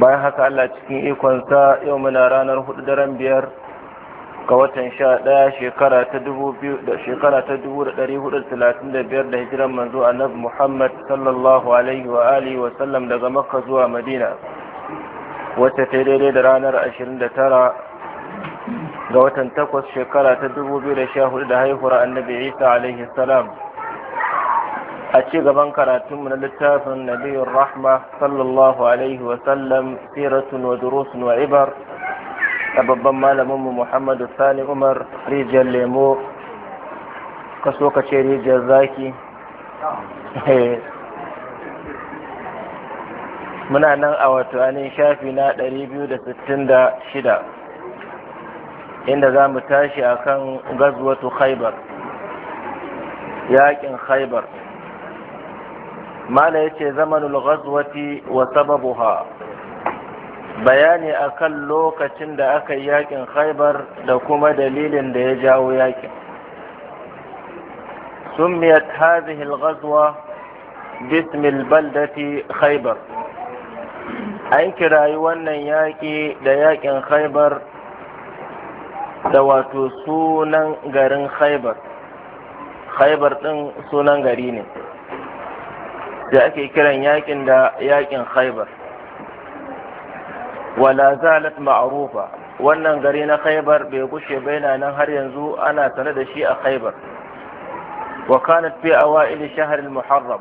bayan haka Allah cikin ikonsa yau muna ranar hudu daren biyar ga watan sha ɗaya shekara ta dubu da ɗari hudu talatin da biyar da hijiran manzo annabi Muhammad sallallahu alaihi wa alihi daga Makka zuwa Madina wacce ta daidai da ranar ashirin da tara ga watan takwas shekara ta dubu biyu da sha hudu da haihuwar annabi Isa alaihi salam a ci gaban karatunmu na littafin nabiyar rahma sallallahu alaihi sallam siratun wa durusun wa ibar da babban malaminmu muhammadu sani umar rijiyar lemo kaso ka ce rijiyar zaki eh. muna nan a wato anin shafi na 266 inda za mu tashi akan gazuwatu khaibar yakin khaibar mala yace zamanul ghazwati wa sababuha bayani akan lokacin da aka yi yakin khaibar da kuma dalilin da ya jawo yakin سميت hadhihi الغزوة باسم baldati خيبر an kirayi wannan yaƙi da yaƙin khaibar da wato sunan garin khaibar khaibar ɗin sunan gari ne da ake kiran yakin da yakin khaibar wala zalat ma'rufa wannan gari na khaibar bai gushe baina nan har yanzu ana tare da shi a khaibar wa kanat fi awail shahr al-muharram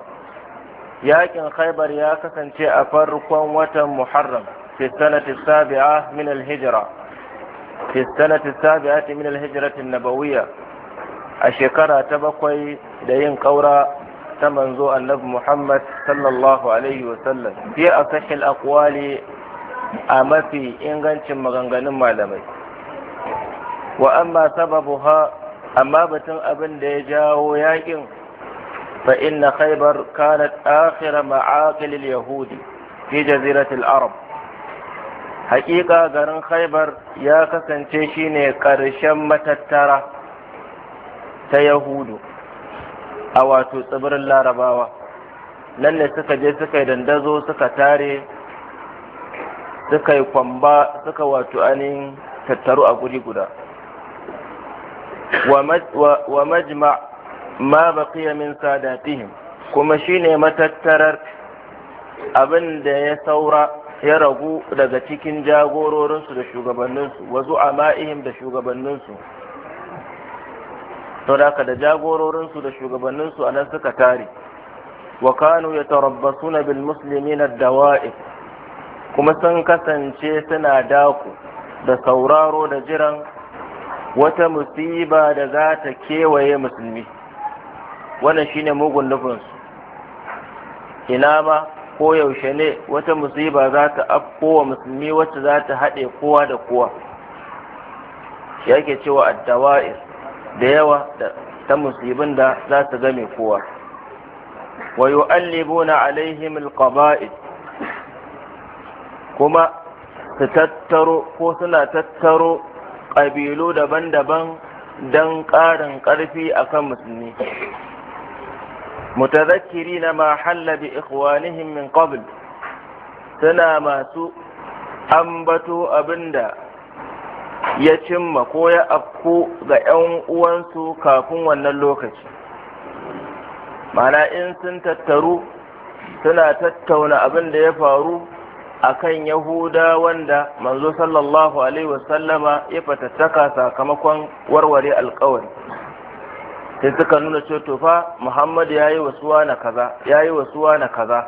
yakin khaibar ya kasance a farkon watan muharram fi sanati sabi'a min al-hijra fi sanati min al-hijra an-nabawiyya a shekara ta bakwai da yin kaura ta manzo annabi Muhammad sallallahu alaihi wasallam fi asahil akwali a mafi ingancin maganganun malamai wa amma ha amma batun abin da ya jawo yakin fa inna khaybar kanat akhir ma'aqil yahudi fi jazirat arab haƙiƙa garin khaybar ya kasance shine ƙarshen matattara ta yahudu a wato tsibirin larabawa nan ne suka je suka yi dandazo suka tare suka yi kwamba suka wato anin tattaru a guri guda wa majma ma baqiya min sadatihim kuma shine matattarar abin da ya saura ya ragu daga cikin jagororinsu da shugabanninsu wa zu'ama'ihim da shugabanninsu to da da jagororinsu da shugabanninsu a nan suka tare wa kanu suna bil na dawa'i kuma sun kasance suna daku da sauraro da jiran wata musiba da za ta kewaye musulmi wannan shine mugun nufinsu ina ba ko yaushe ne wata musiba za ta afko wa musulmi wacce za ta haɗe kowa da kowa yake cewa addawa'ir da yawa ta musibin da za su game kowa wa yu'allibuna alaihim alqaba'id kuma su tattaro ko suna tattaro ƙabilu daban-daban don ƙarin ƙarfi a kan musulmi mutazakkiri na ma halla bi ikhwanihim min qabl suna masu ambato abinda ya cimma ko ya afku ga 'yan uwansu kafin wannan lokaci mana in sun tattaru suna tattauna abin da ya faru akan yahuda wanda manzo sallallahu alaihi wasallama ya fatattaka sakamakon warware alkawari sai suka nuna cewa fa muhammad ya yi wasuwa na kaza ya yi wasuwa na kaza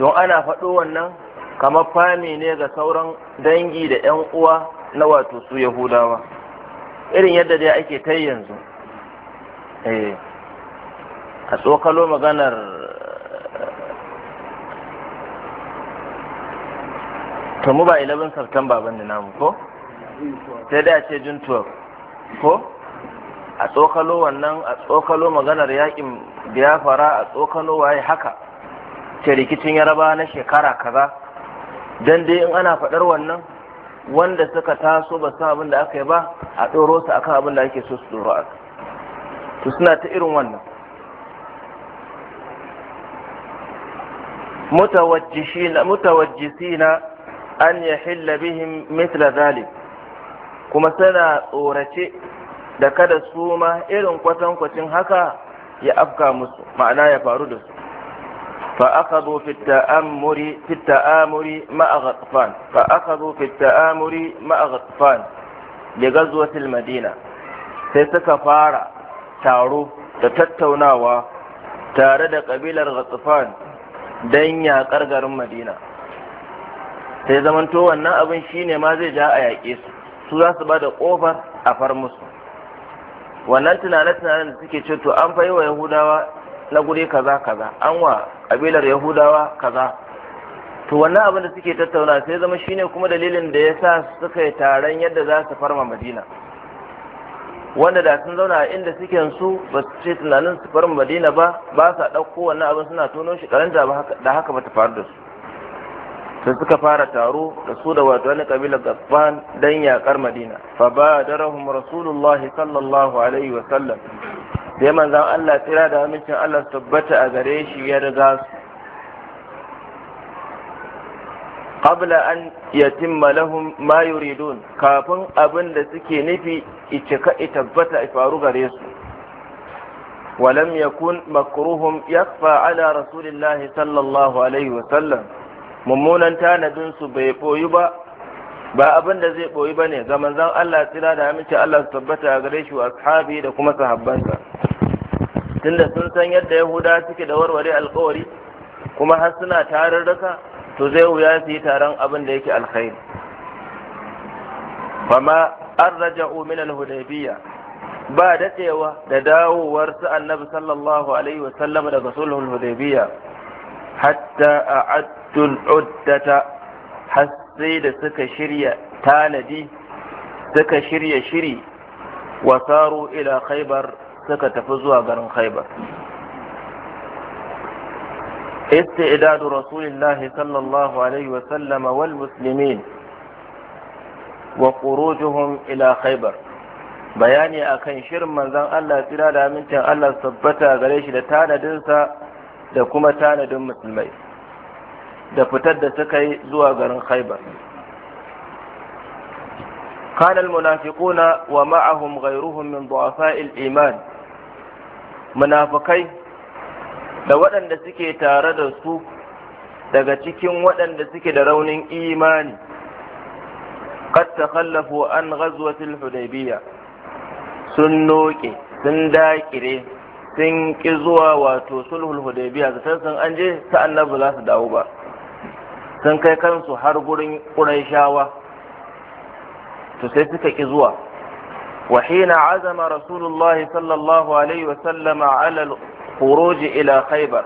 tun ana faɗo wannan kamar fami ne ga sauran dangi da 'yan uwa na wato su yahudawa irin yadda dai ake ta yanzu eh, a tsokalo maganar tamu ba 11 september ban da namu ko sai dai a ce jun 12 ko a tsokalo wannan a tsokalo maganar yakin biyafara a tsokalo waye haka ce rikicin yaraba na shekara kaza dan dai in ana faɗar wannan wanda suka taso ba san abin da aka yi ba a ɗoro su akan abin da ake so su ɗoro a to suna ta irin wannan na an ya hilla bihin mitla zali kuma suna tsorace da kada su ma irin kwatankwacin haka ya afka musu ma'ana ya faru da su فأخذوا في التآمر في التآمر مع غطفان فأخذوا في التآمر مع غطفان لغزوة المدينة سيسك تارو تتتوناوا تارد قبيلة غطفان don yaƙar garin madina sai zamanto wannan abin shine ma zai ja a yaƙe su su za su ba da ƙofar a far musu wannan tunane-tunanen da suke ce to an fayi wa yahudawa na guri kaza kaza an wa kabilar yahudawa kaza to wannan abin da suke tattauna sai zama shine kuma dalilin da ya sa suka yi taron yadda za su farma madina wanda da sun zauna a inda suke su ba su ce tunanin su farma madina ba ba sa ɗauko wannan abin suna tono shi karanta da haka ba ta faru da su sai suka fara taro da su da wato wani kabilar gaban dan yakar madina fa ba darahum rasulullahi sallallahu alaihi wa sallam sai manzan Allah tsira da amincin Allah su tabbata a gare shi ya riga su qabla an yatimma lahum ma yuridun kafin abin da suke nufi icika tabbata a faru gare su ولم يكن مكروهم يخفى على رسول الله صلى الله عليه وسلم mummunan tanadinsu bai koyu ba ba abin da zai boyi bane ga manzon Allah tsira da aminci Allah su tabbata a gare shi wa ashabi da kuma sahabbansa tunda sun san yadda yahuda suke da warware alkawari kuma har suna raka to zai wuya su yi taron abin da yake alkhairi fama an raja'u min al-hudaybiyya ba cewa da dawowar su annabi sallallahu alaihi wa sallam daga sulhul hudaybiyya hatta a'addu al-uddata sai da suka shirya tanadi suka shirya shiri wasaru ila khaibar suka tafi zuwa garin khaibar استعداد رسول الله صلى الله عليه وسلم والمسلمين وخروجهم إلى خيبر bayani akan shirin manzon Allah tsira da amincin Allah tabbata gare shi da tanadinsa da kuma tanadin musulmai da fitar da suka yi zuwa garin khaibar kana almunafiquna wa ma'ahum ghayruhum min du'afa'il iman munafikai da waɗanda suke tare da su daga cikin waɗanda suke da raunin imani qad takhallafu an ghazwatil hudaybiyah sun noke sun daƙire, sun ƙi zuwa wato sulhul hudaybiya da sun an je sa'an annabi za su dawo ba sun kai kansu har gurin shawa to sai suka ƙi zuwa wa hina azama الله صلى الله عليه وسلم على الخروج ila Khaybar.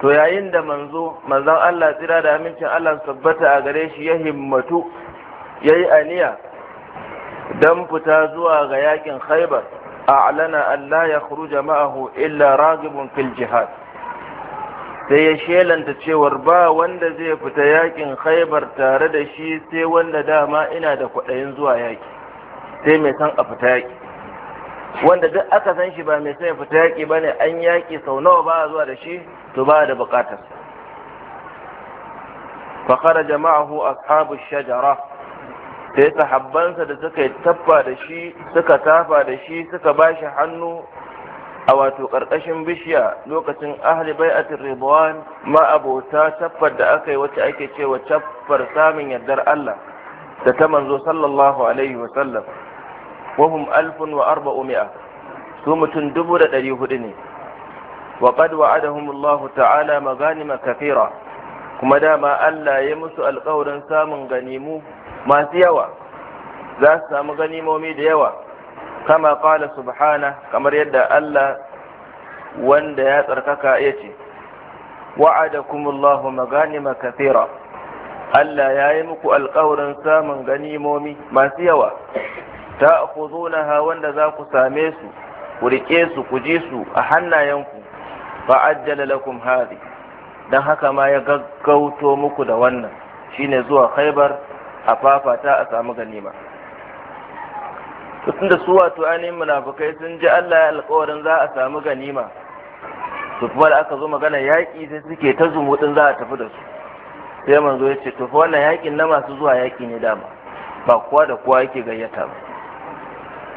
to yayin da manzo manzon Allah tsira da amincin Allah tabbata a gare shi ya himmatu yayi aniya dan fita zuwa ga yakin Khaibar a'lana an la yakhruja ma'ahu illa ragibun fil jihad sai ya shelanta cewar ba wanda zai fita yakin khaibar tare da shi sai wanda dama ina da kudayen zuwa yaki sai mai san a fita yaki wanda duk aka san shi ba mai san ya fita yaki bane an yaki sau nawa ba zuwa da shi to ba da bukatar fa kharaja ma'ahu ashabu shajara sai sahabbansa da suka tafa da shi suka tafa da shi suka bashi hannu a wato ƙarƙashin bishiya lokacin ahli bai'atin ridwan ma abota caffar da aka yi wacce ake cewa caffar samun yardar Allah da ta manzo sallallahu alaihi wa sallam wahum alfun wa arba'u mi'a su mutum dubu da ɗari hudu ne wa qad wa'adahum Allah ta'ala ma kafira kuma dama Allah ya musu alƙawarin samun ganimu masu yawa za su samu ganimomi da yawa kama ƙala subhana kamar yadda Allah wanda ya tsarkaka yace wa'adakumullahu maganima kathira Allah ya yi muku alkawarin samun ganimomi masu yawa ta ha wanda za ku same su ku riƙe su ku ji su a hannayenku fa ajjala lakum hadi dan haka ma ya gaggauto muku da wannan shine zuwa khaibar a fafata a samu ganima tunda da su wato ainihin munafukai sun ji Allah ya alƙawarin za a samu ganima to kuma da aka zo magana yaƙi sai suke ta zumuɗin za a tafi da su sai manzo ya ce to fa wannan yaƙin na masu zuwa yaƙi ne dama ba kowa da kowa yake gayyata ba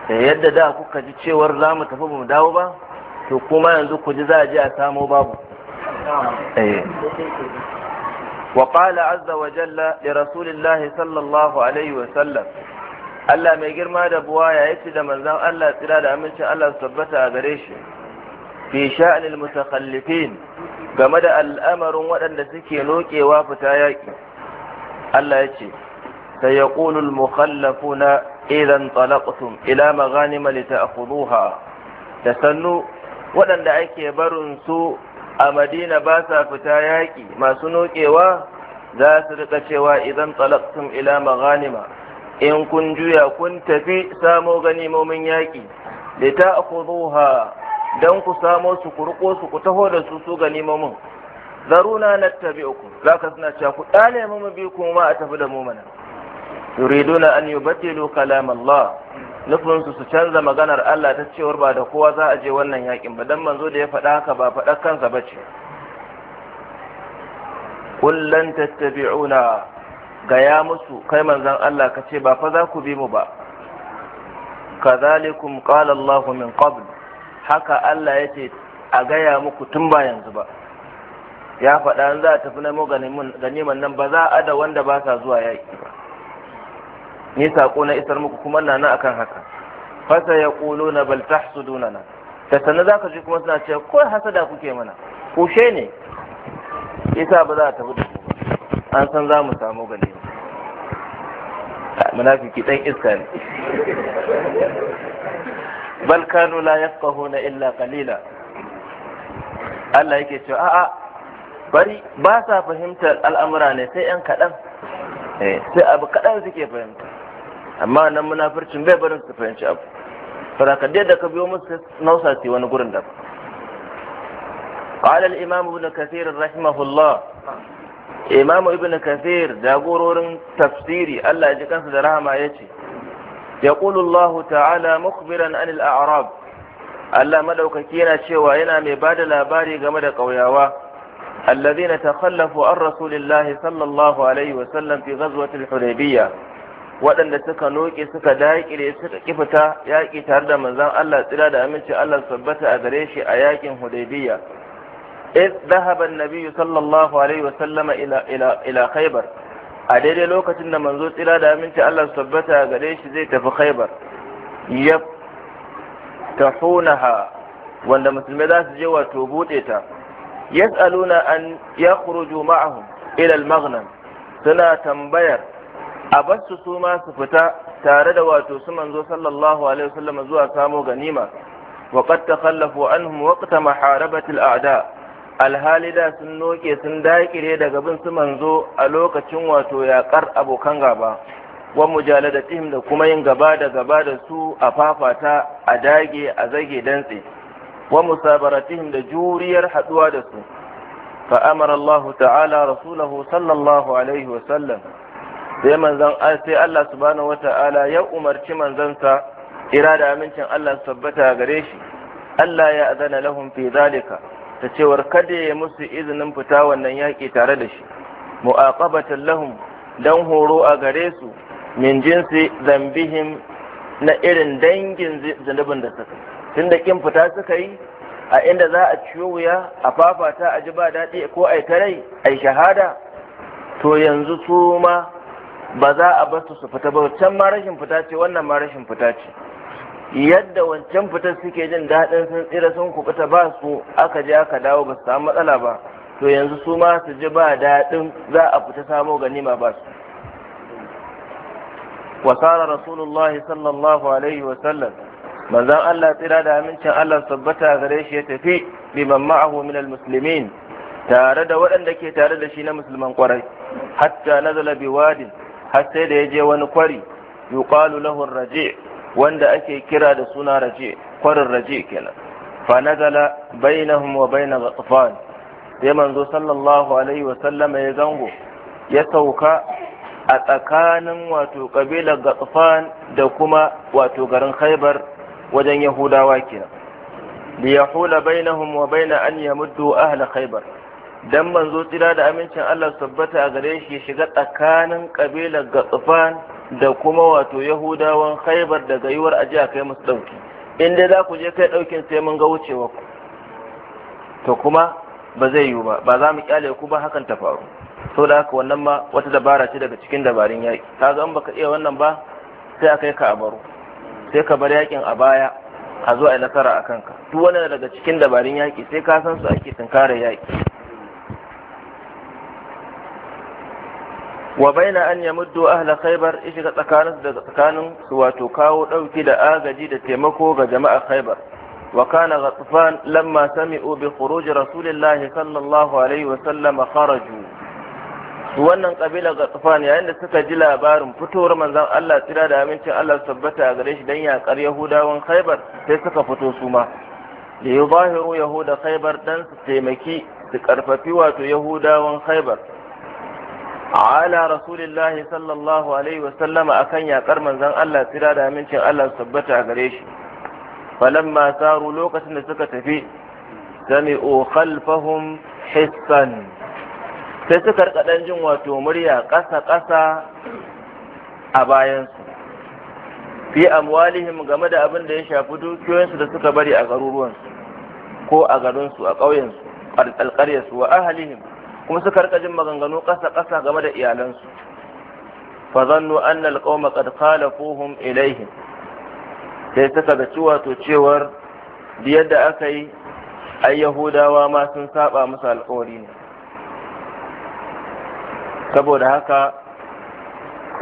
da yadda da kuka ji cewar za mu tafi mu dawo ba to kuma yanzu ku ji za a je a samo babu eh. azza wa jalla li rasulillahi sallallahu alaihi wa sallam Allah mai girma da buwa ya yi da manzan Allah tsira da amincin Allah su tabbata a gare shi fi sha'anil mutakhallifin game da al'amarin waɗanda suke lokewa fita yaƙi Allah ya ce sayaqulu al-mukhallafuna idan talaqtum ila maghanima lita'khudhuha da sannu waɗanda ake barin su a Madina ba sa fita yaƙi masu nokewa za su rika cewa idan talaqtum ila maghanima in kun juya kun tafi samo ganimomin yaƙi da ta ha don ku samo su ku su ku taho da su su ganimomin zaruna na tabi uku za ka suna cewa ku ɗane mu bi kuma a tafi da mu mana na an yubatilu kalam Allah nufin su su canza maganar Allah ta cewar ba da kowa za a je wannan yakin ba dan manzo da ya faɗa haka ba faɗa kansa bace kullan tattabi'una gaya musu kai manzan Allah ka ce ba fa za ku bi mu ba kazalikum qala Allahu min qabl haka Allah yake a gaya muku tun ba yanzu ba ya faɗa za a tafi na mu ganiman nan ba za a da wanda ba sa zuwa yaƙi ba ni saƙo na isar muku kuma na na akan haka fasa ya ƙulo na bal tahsuduna na da sannan za ka ji kuma suna cewa ko hasada kuke mana kushe ne isa ba za a tafi da an san za mu samu ganima munafiki dan iska ne bal kanu la yafqahuna illa qalila Allah yake cewa a'a bari ba sa fahimtar al'amura ne sai yan kaɗan eh, sai abu kaɗan suke fahimta amma nan munafircin bai barin su fahimci abu faraka da ka biyo musu nausa ce wani gurin da قال الإمام ابن كثير رحمه الله imamu ibn kathir jagororin tafsiri Allah ji kansa da rahama ya ce. Ya'ƙulullahu ta'ala mukhbiran anil a'rab Allah madaukaki yana cewa yana mai ba da labari game da kauyawa alladhina takhallafu an rasulillahi sallallahu alaihi wa sallam fi ghazwatil hudaybiyya waɗanda suka noke suka daƙire suka kifita yaƙi tare da manzon Allah tsira da aminci Allah sabbata a gare shi a yaƙin hudaybiyya إذ ذهب النبي صلى الله عليه وسلم إلى إلى إلى خيبر أدري لوكة إن منزول إلى دامن الله ثبتها قريش زيت في خيبر يفتحونها وأن مسلمي ذات جوا توبوتيتا يسألون أن يخرجوا معهم إلى المغنم سنة تنبير أبس سوما سفتا تارد واتو سمن صلى الله عليه وسلم زوا سامو غنيمة وقد تخلفوا عنهم وقت محاربة الأعداء alhali da sun noke sun daƙire daga bin su manzo a lokacin wato yaƙar abokan gaba wa mujaladatihim da kuma yin gaba da gaba da su a fafata a dage a zage dantse wa musabaratihim da juriyar haɗuwa da su fa amara Allah ta'ala rasulahu sallallahu alaihi wa sallam sai manzon sai Allah subhanahu wata'ala ya umarci manzansa ira da amincin Allah su tabbata gare shi Allah ya azana lahum fi zalika ta cewar kada ya musu izinin fita wannan yaƙi tare da shi mu'aqabatan lahum dan horo a gare su min jinsi zambihim na irin dangin zunubin da suka tun da kin fita suka yi a inda za a ciwo wuya a fafata a ji ba daɗi ko ai tarai ai shahada to yanzu su ma ba za a bar su fita ba can ma rashin fita ce wannan ma rashin fita ce yadda wancan fitar suke jin daɗin sun tsira sun kubuta ba su aka je aka dawo ba su samu matsala ba to yanzu su ma su ji ba daɗin za a fita samo ganima ba su wasara rasulullah sallallahu alaihi wasallam manzon Allah tsira da amincin Allah tabbata gare shi ya tafi liman ma'ahu min almuslimin tare da waɗanda ke tare da shi na musulman kwarai hatta nazala biwadin har sai da ya je wani kwari yuqalu lahu raji' wanda ake kira da suna raje kwarin raje kenan fa nazala bainahum wa bain ghatfan sai manzo sallallahu alaihi wa sallama ya zango ya sauka a tsakanin wato kabilar ghatfan da kuma wato garin khaybar wajen yahudawa kenan li yahula bainahum wa bain an yamuddu ahla khaybar dan manzo tsira da amincin Allah tabbata a gare shi shiga tsakanin kabilar Gatsufan da kuma wato Yahudawan Khaibar da gayuwar aje a kai musu dauki in dai za ku je kai daukin sai mun ga wucewa ku to kuma ba zai yiwu ba ba za mu kyale ku ba hakan ta faru to da haka wannan ma wata dabara ce daga cikin dabarun yaki kaga in baka iya wannan ba sai a kai ka a baro sai ka bar yakin a baya a zo a yi nasara a kanka duk wani daga cikin dabarun yaki sai ka san su ake tunkarar yaki wa baina an yamuddu ahla khaybar shiga tsakanin da tsakanin su wato kawo ɗauki da agaji da taimako ga jama'a khaibar. wa kana ghatfan lamma sami bi kuroji rasulillah sallallahu alaihi wa sallam kharaju wannan kabila ghatfan yayin da suka ji labarin fitowar manzan Allah tsira da amincin Allah tabbata gare shi dan yakar yahudawan khaibar sai suka fito su ma da yahuda khaibar dan su taimaki su karfafi wato yahudawan khaibar. ala rasulillahi sallallahu alaihi wasallama akan yakar manzan Allah tsira da amincin Allah tabbata gare shi falamma saru lokacin da suka tafi sami o khalfahum hissan sai suka rika jin wato murya ƙasa ƙasa a bayansu fi amwalihim game da abin da ya shafi dukiyoyinsu da suka bari a garuruwansu ko a garinsu a ƙauyensu alƙaryarsu wa ahalihim kuma suka rika jin maganganu ƙasa ƙasa game da iyalansu fa zannu anna alqawma qad khalafuhum ilaihim sai suka ga cewa to cewar yadda aka yi ai yahudawa ma sun saba musu alƙawari ne saboda haka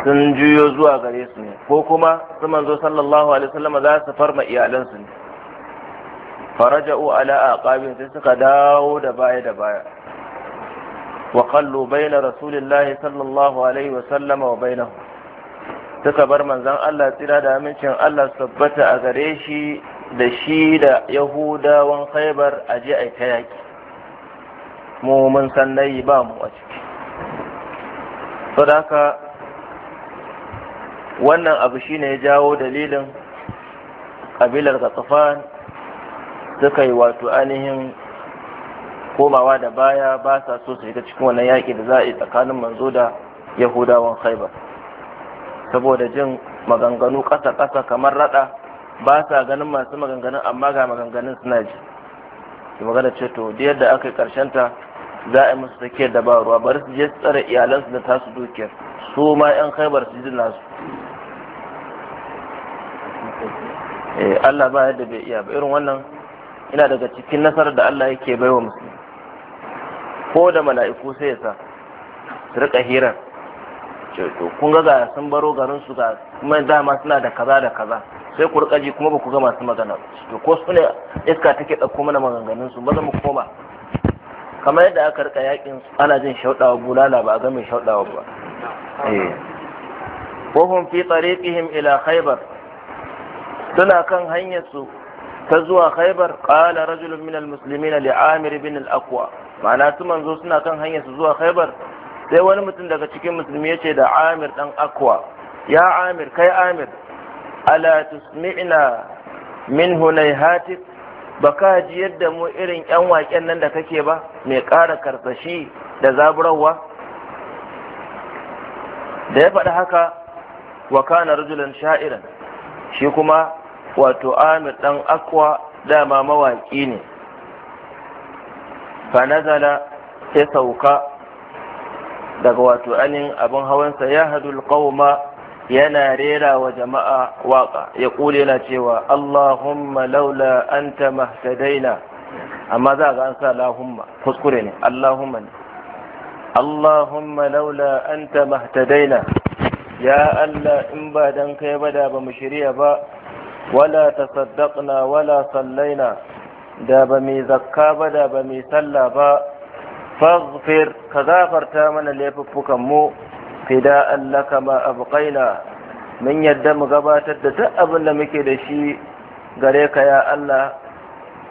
sun juyo zuwa gare su ne ko kuma su manzo sallallahu alaihi wasallam za su farma iyalansu ne faraja'u ala aqabin sai suka dawo da baya da baya وقلوا بين رسول الله صلى الله عليه وسلم وبينه suka bar manzon Allah tsira da amincin Allah tabbata a gare shi da shi da Yahudawan Khaibar a je a ta yaki mu mun san nayi ba mu a ciki saboda wannan abu shine ya jawo dalilin kabilar Gatsafan suka yi wato ainihin komawa da baya ba sa so su shiga cikin wannan yaƙi da za a yi tsakanin manzo da yahudawan khaibar saboda jin maganganu ƙasa-ƙasa kamar raɗa ba sa ganin masu maganganun amma ga maganganun suna ji ki magana ce to da yadda aka yi ƙarshen ta za a yi musu tsakiyar da ba ruwa bari su je su tsare iyalansu da tasu dukiyar su ma 'yan khaibar su ji nasu eh, Allah ba yadda bai iya ba irin wannan ina daga cikin nasarar da Allah yake baiwa musulmi ko da mala'iku sai ya sa su rika hirar to kun ga ga sun baro garin su ga kuma dama suna da kaza da kaza sai ku rika ji kuma ba ku ga masu magana to ko su ne iska take dauko mana maganganun su ba za mu koma kamar yadda aka rika yakin ana jin shaudawa bulala ba a ga mai shaudawa ba eh. hum fi tariqihim ila khaybar suna kan hanyar su ta zuwa khaibar ƙala rajulun min almuslimina li amir bin al ma'ana su manzo suna kan hanyar su zuwa haibar. sai wani mutum daga cikin musulmi yace da amir dan akwa ya amir kai amir ala tusmi'na min hunayhatik baka ji yadda mu irin yan waken nan da kake ba mai ƙara karsashi da zaburarwa da ya faɗi haka wa kana rajulan sha'iran shi kuma wato amir ɗan akwa dama mawaƙi ne fanazala ya sauka daga wato anin abin hawansa ya hadul qauma yana rera wa jama'a waƙa ya ƙule yana cewa allahumma laula anta mahtadaina amma za ga an sa lahumma kuskure ne allahumma ne allahumma laula anta mahtadaina ya allah in ba dan kai ba da ba mu shirya ba wala ta tasaddaqna wala sallaina da ba mai zakka ba da ba mai sallah ba faghfir ka gafarta mana laifuffukan mu fida allaka ma abqaina mun yadda mu gabatar da duk abin da muke da shi gare ka ya Allah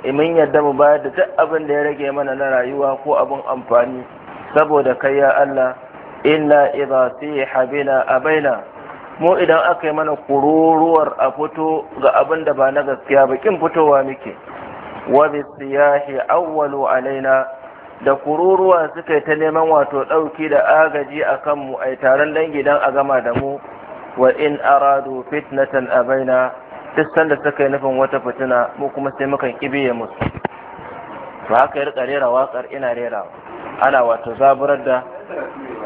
mun yadda mu bayar da duk abin da ya rage mana na rayuwa ko abin amfani saboda kai ya Allah inna ya siha a baina. mu idan aka yi mana kururuwar a fito ga abin da ba na gaskiya ba kin fitowa muke wa bi awwalu alaina da kururuwa suka ta neman wato ɗauki da agaji a kanmu a taron dangi don a gama da mu wa in aradu fitnatan a baina duk sanda suka yi nufin wata fitina mu kuma sai mukan kibiye musu to haka ya rika rera waƙar ina rera. ana wato zaburar da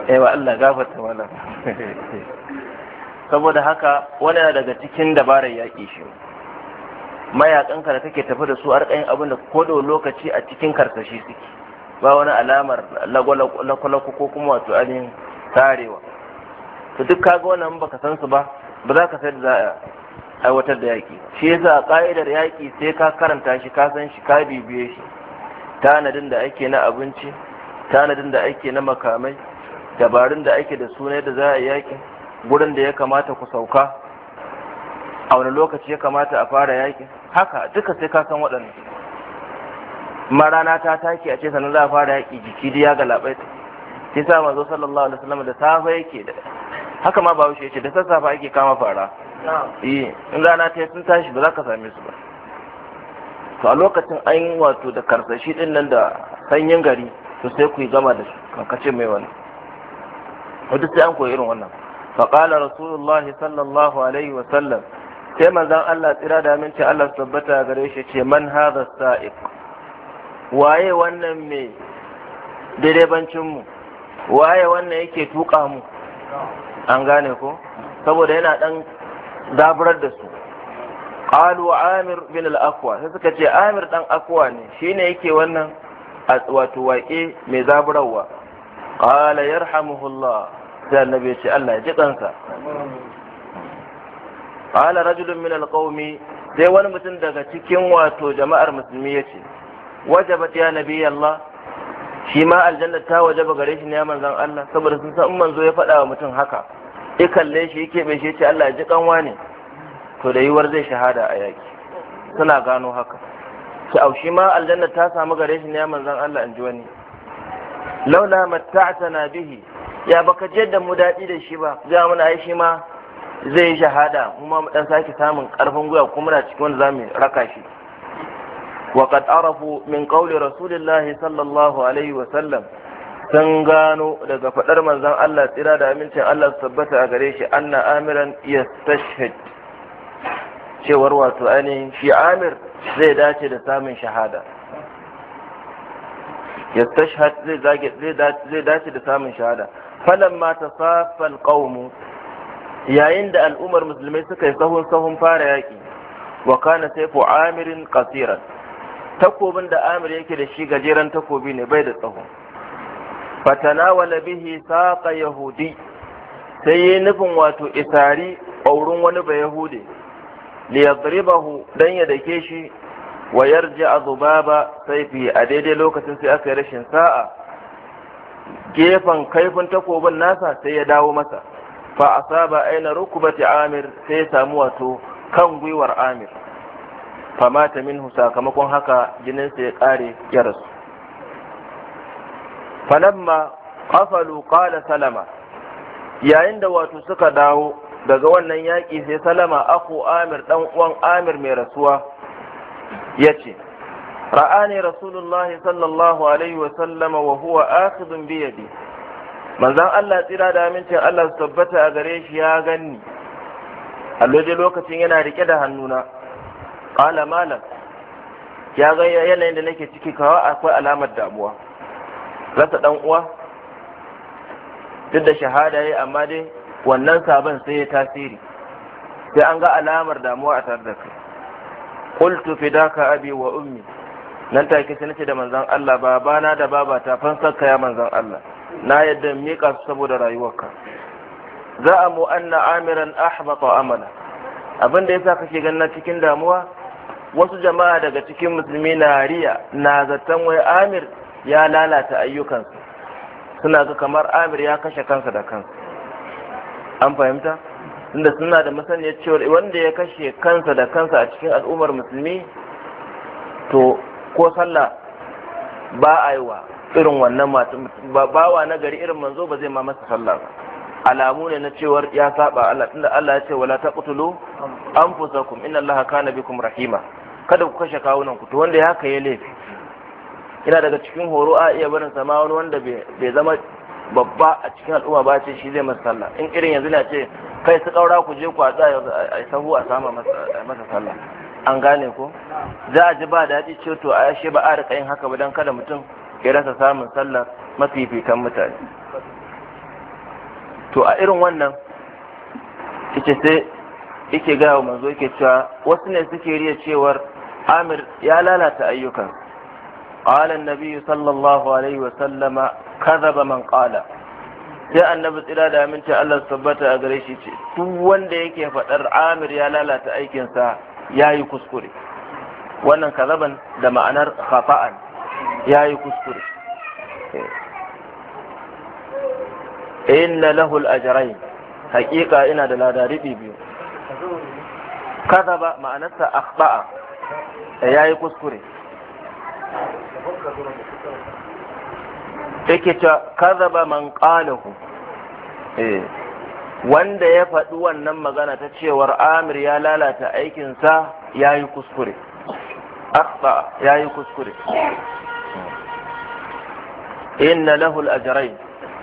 yawa eh Allah gafarta wannan. saboda haka wani na daga cikin dabarar yaƙi shi ka da kake tafi da su arƙayin abin da ko da lokaci a cikin karkashi suke ba wani alamar lakwalakwa ko kuma wato ainihin tarewa to duk kaga wannan baka san su ba ba za ka sai za a aiwatar da yaƙi shi yasa ƙa'idar yaƙi sai ka karanta shi ka san shi ka bibiye shi tanadin da ake na abinci tanadin da ake na makamai dabarun da ake da sunai da za a yi yaƙi gurin da ya kamata ku sauka a wani lokaci ya kamata a fara yaƙi haka duka sai ka san waɗannan marana ta take a ce sannan za a fara yaƙi jiki da ya ta sai sa mazo sallallahu alaihi wasallam da safe yake da haka ma bawo shi yace da sassafe ake kama fara yi eh, in rana ta sun tashi ba za ka same su ba to a lokacin an wato da karsashi din nan da sanyin gari to sai ku yi gama da su kankace mai wani wadda sai an koyi irin wannan faƙala rasulullahi sallallahu alaihi wasallam sai mazan Allah tsira da aminci Allah su tabbata gare shi ce manhajar hadha sa'iq waye wannan me direbancin mu waye wannan yake tuka mu an gane ko saboda yana dan zaburar da su qalu amir bin al sai suka ce amir dan akwa ne shine yake wannan wato wake mai zaburarwa qala yarhamuhullah sai annabi ya ce Allah ya ji kansa qala rajulun min alqaumi sai wani mutum daga cikin wato jama'ar musulmi ya ce wajabat ya nabi Allah shi ma aljanna ta wajaba gare shi ne manzon Allah saboda sun san manzo ya faɗa wa mutum haka ya kalle shi yake bai shi ce Allah ya ji kanwa ne to da yiwuwar zai shahada a yaki suna gano haka ki au shi ma aljanna ta samu gare shi ne manzon Allah in ji wani laula matta'tana bihi ya baka ji yadda mu daɗi da shi ba za mu na shi ma zai yi shahada mu ma mu dan sake samun karfin gwiwa kuma muna cikin wanda zamu raka shi wa qad arafu min qawli rasulillahi sallallahu alaihi wa sallam sun gano daga faɗar manzon Allah tsira da amincin Allah su tabbata a gare shi anna amiran yastashhad cewar wato ainihin shi amir zai dace da samun shahada yastashhad zai dace da samun shahada falamma safan qaumu yayin da al'ummar musulmai suka yi sahun sahun fara yaƙi wa kana saifu amirin ƙasiran. takobin da amir yake da shi gajeren takobi ne bai da tsaho fatanawala bihi saƙa yahudi sai yi nufin wato isari ƙaurin wani ba Yahudi. li dan ya dake shi wa yarji zubaba saifi a daidai lokacin sai aka yi rashin sa'a gefen kaifin takobin nasa sai ya dawo masa fa asaba aina rukubati amir sai ya samu wato kan gwiwar amir fa mata minhu sakamakon haka jininsa ya kare ya rasu falamma qafalu qala salama yayin da wato suka dawo daga wannan yaƙi sai salama aku amir dan uwan amir mai rasuwa ya ce ra'ani rasulullahi sallallahu alaihi wa sallama wa huwa akhidun bi yadi manzon Allah tsira da amincin Allah su tabbata a gare shi ya ganni a lokacin yana rike da hannuna qala malam ya ga yanayin da nake ciki kawa akwai alamar damuwa rasa dan uwa duk da shahada yayi amma dai wannan sabon sai ya tasiri sai an ga alamar damuwa a tare da kai qultu fidaka abi wa ummi nan take sai nace da manzon Allah babana da babata fansarka ya manzon Allah na yadda mika su saboda rayuwarka Za mu anna amiran ahbata amala abin da yasa kake ganin cikin damuwa wasu jama'a daga cikin musulmi na riya na zaton wai amir ya lalata ayyukansu suna ga kamar amir ya kashe kansa da kansa an fahimta inda suna da masaniyar cewa wanda ya kashe kansa da kansa a cikin al'ummar musulmi to ko sallah ba a yi wa irin wannan matan bawa na gari irin manzo ba zai ma masa sallah ba alamu ne na cewar ya saba Allah tunda Allah ya ce wala taqtulu anfusakum inna Allaha kana bikum rahima kada ku kashe kawunan ku to wanda ya kai ya laifi ina daga cikin horo a iya barin sama wani wanda bai zama babba a cikin al'umma ba ce shi zai masa sallah in irin yanzu na ce kai su kaura ku je ku a tsaya a sahu a sama masa sallah an gane ko za a ji ba daɗi ce to a yashe ba a rika yin haka ba don kada mutum ya rasa samun sallar mafifikan mutane to a irin wannan ita sai yake gaya wa manzo yake cewa wasu ne suke riya cewar amir ya lalata ayyukan qala annabi sallallahu alaihi wa sallama kadhaba man qala ya annabi tsira da aminci Allah wa a gare shi ce duk wanda yake faɗar amir ya lalata aikinsa ya yi kuskure wannan kazaban da ma'anar khafa'an ya yi kuskure inna lahul ajrayn haƙiƙa ina da ladari biyu kazaba ma'anarsa akhba'a eh, ya yi kuskure yake ta kazaba man ƙalahu eh wanda ya faɗi wannan magana ta cewar amir ya lalata aikinsa ya yi kuskure akta ya yi kuskure inna lahul ajarai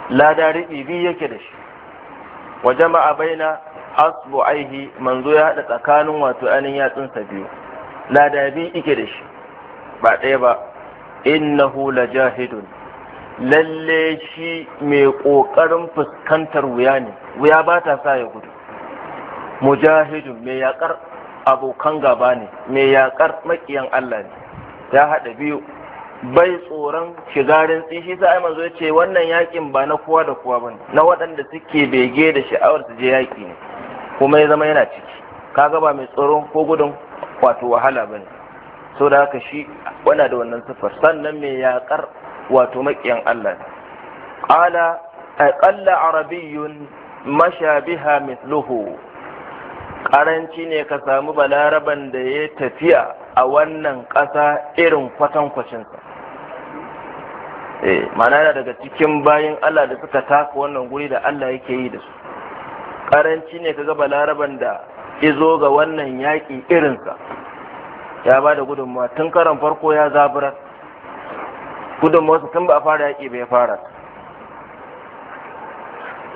lada riɓi bi yake da shi wa jama'a baina asibu aihi manzo ya haɗa tsakanin wato anin yatsunsa biyu lada biyu yake da shi ba ɗaya ba innahu la jahidun lalle shi mai ƙoƙarin fuskantar wuya ne wuya ba ta sa ya gudu mujahidun mai yaƙar abokan gaba ne mai yaƙar maƙiyan Allah ne ya haɗa biyu bai tsoron shigarin tsishi sai manzo ya ce wannan yakin ba na kowa da kowa bane na waɗanda suke bege da sha'awar su je yaƙi ne kuma ya zama yana ciki kaga ba mai tsoron ko gudun wato wahala bane so da haka shi wana da wannan sifar sannan mai yakar wato maƙiyan Allah qala aqalla arabiyyun masha biha mithluhu karanci ne ka samu balaraban da ya tafiya a wannan ƙasa irin kwatankwacinsa eh mana daga cikin bayan Allah da suka taka wannan guri da Allah yake yi da su karanci ne ka ga balaraban da izo ga wannan yaƙi irinsa ya ba da gudunmawa tun karan farko ya zaburar gudun wasu tun ba a fara yaƙi bai fara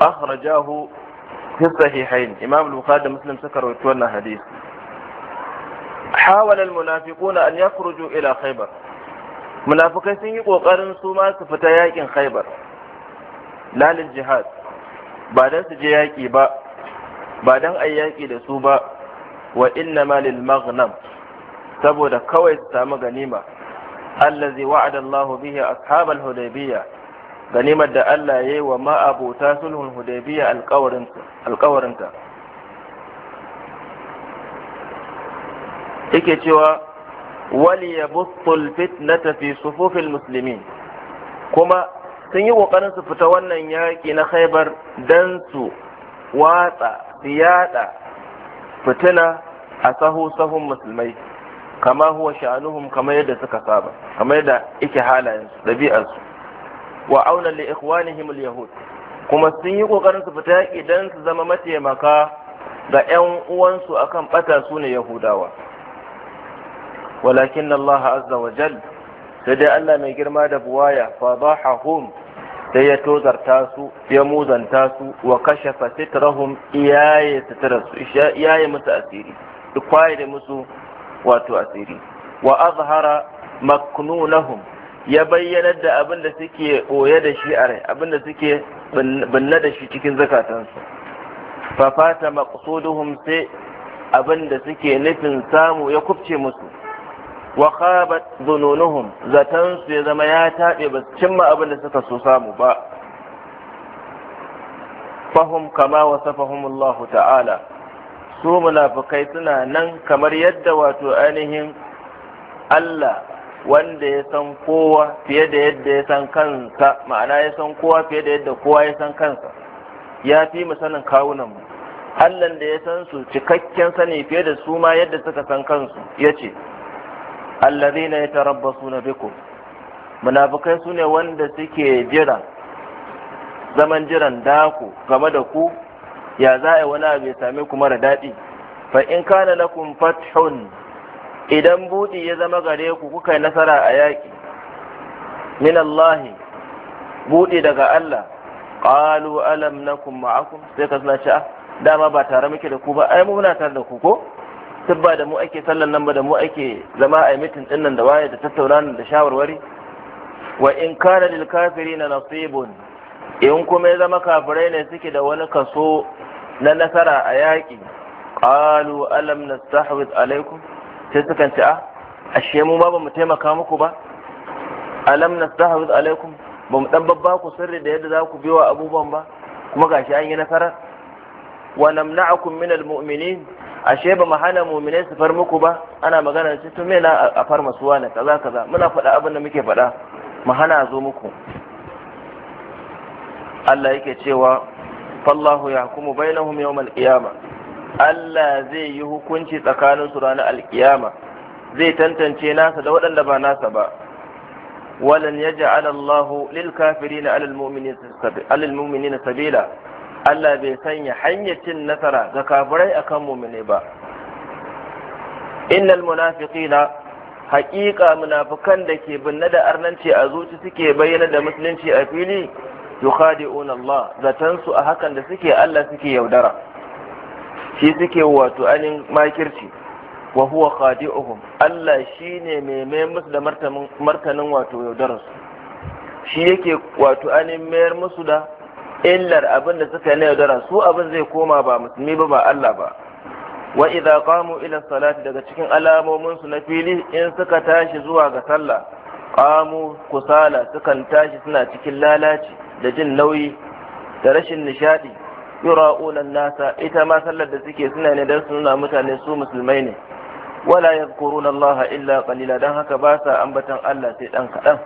akhrajahu fi sahihain imam bukhari da muslim suka rawaito wannan hadisi hawala almunafiquna an yakhruju ila khaibar. munafikai sun yi ƙoƙarin su ma su fita yaƙin khaybar lalil jihad ba dan su je yaki ba ba dan ayi yaki da su ba wa inna ma lil maghnam saboda kawai su samu ganima allazi wa'ada Allahu bihi ashabal hudaybiyya ganimar da Allah yayi wa ma'abota sulhun hudaybiyya alƙawarinta yake cewa wali yabtul fitnata fi sufufil muslimin kuma sun yi wa su fita wannan yaƙi na khaibar dan su watsa su yaɗa fitina a sahu sahun musulmai kama huwa sha'anuhum kama yadda suka saba kama yadda yake halayensu su wa auna li ikhwanihim al-yahud kuma sun yi kokarin su fita idan su zama mataimaka ga ƴan uwansu akan bata su ne yahudawa walakin Allah azza wa jal sai dai Allah mai girma da buwaya fadahahum sai ya tozarta su ya muzanta su wa kashafa sitrahum iyaye sitrarsu iyaye musu asiri duk kwaye da musu wato asiri wa azhara maknunahum ya bayyanar da abin da suke koye da shi a rai abin da suke binne da shi cikin zakatansu fa fata maqsuduhum sai abin da suke nufin samu ya kubce musu wa khabat dhununuhum zatan su ya zama ya tabe ba cimma abin da suka so samu ba fahum kama wasafahum Allah ta'ala su munafukai suna nan kamar yadda wato ainihin Allah wanda ya san kowa fiye da yadda ya san kansa ma'ana ya san kowa fiye da yadda kowa ya san kansa ya fi mu sanin kawunan mu Allah da ya san su cikakken sani fiye da su ma yadda suka san kansu ya ce allazina na biku. munafukai su ne wanda suke jira zaman jiran daku game da ku ya za a wani abu ya sami ku mara daɗi fa in kana lakum fathun idan buɗi ya zama gare ku kuka yi nasara a yaƙi min Allahi buɗi daga Allah qalu alam nakum ma'akum sai ka suna a ah, dama ba tare muke da ku ba ai muna tare da ku ko tubba da mu ake sallan nan ba da mu ake zama a mitin din nan da waye da tattauna da shawarwari wa in kana lil kafirina nasibun in kuma ya zama kafirai ne suke da wani kaso na nasara a yaƙi ƙalu alam na sahawit alaikum sai sukan ce a ah, ashe mu ba mu taimaka muku ba alam na sahawit alaikum ba mu ɗan babba ku sirri da yadda za ku biyo abubuwan ba kuma gashi an yi nasarar wa namna'akum min almu'minin ashe ba mu hana mu'minai su far muku ba ana magana ce to me a far masu wani kaza kaza muna faɗa abin da muke faɗa mu hana zo muku Allah yake cewa fallahu yahkumu bainahum yawmal qiyama Allah zai yi hukunci tsakanin su ranar alkiyama zai tantance nasa da waɗanda ba nasa ba walan yaj'al Allahu lil kafirina alal mu'minina sabila Allah bai sanya hanya cin nasara ga kafirai akan mu'mine ba innal munafiqina haƙiƙa munafukan da ke binne da arnanci a zuci suke bayyana da musulunci a fili yukhadi'una Allah zatan su a hakan da suke Allah suke yaudara shi suke wato anin makirci wa huwa khadi'uhum Allah shine mai mai musu da martanin wato yaudarar su shi yake wato anin mayar musu da illar abin da suka yi na yaudara su abin zai koma ba musulmi ba ba Allah ba wa idza qamu ila salati daga cikin alamomin su na fili in suka tashi zuwa ga sallah qamu kusala sukan tashi suna cikin lalaci da jin nauyi da rashin nishadi yura'unan nasa ita ma sallar da suke suna ne don suna nuna mutane su musulmai ne wala yadhkuruna Allah illa qalila dan haka ba sa ambatan Allah sai dan kadan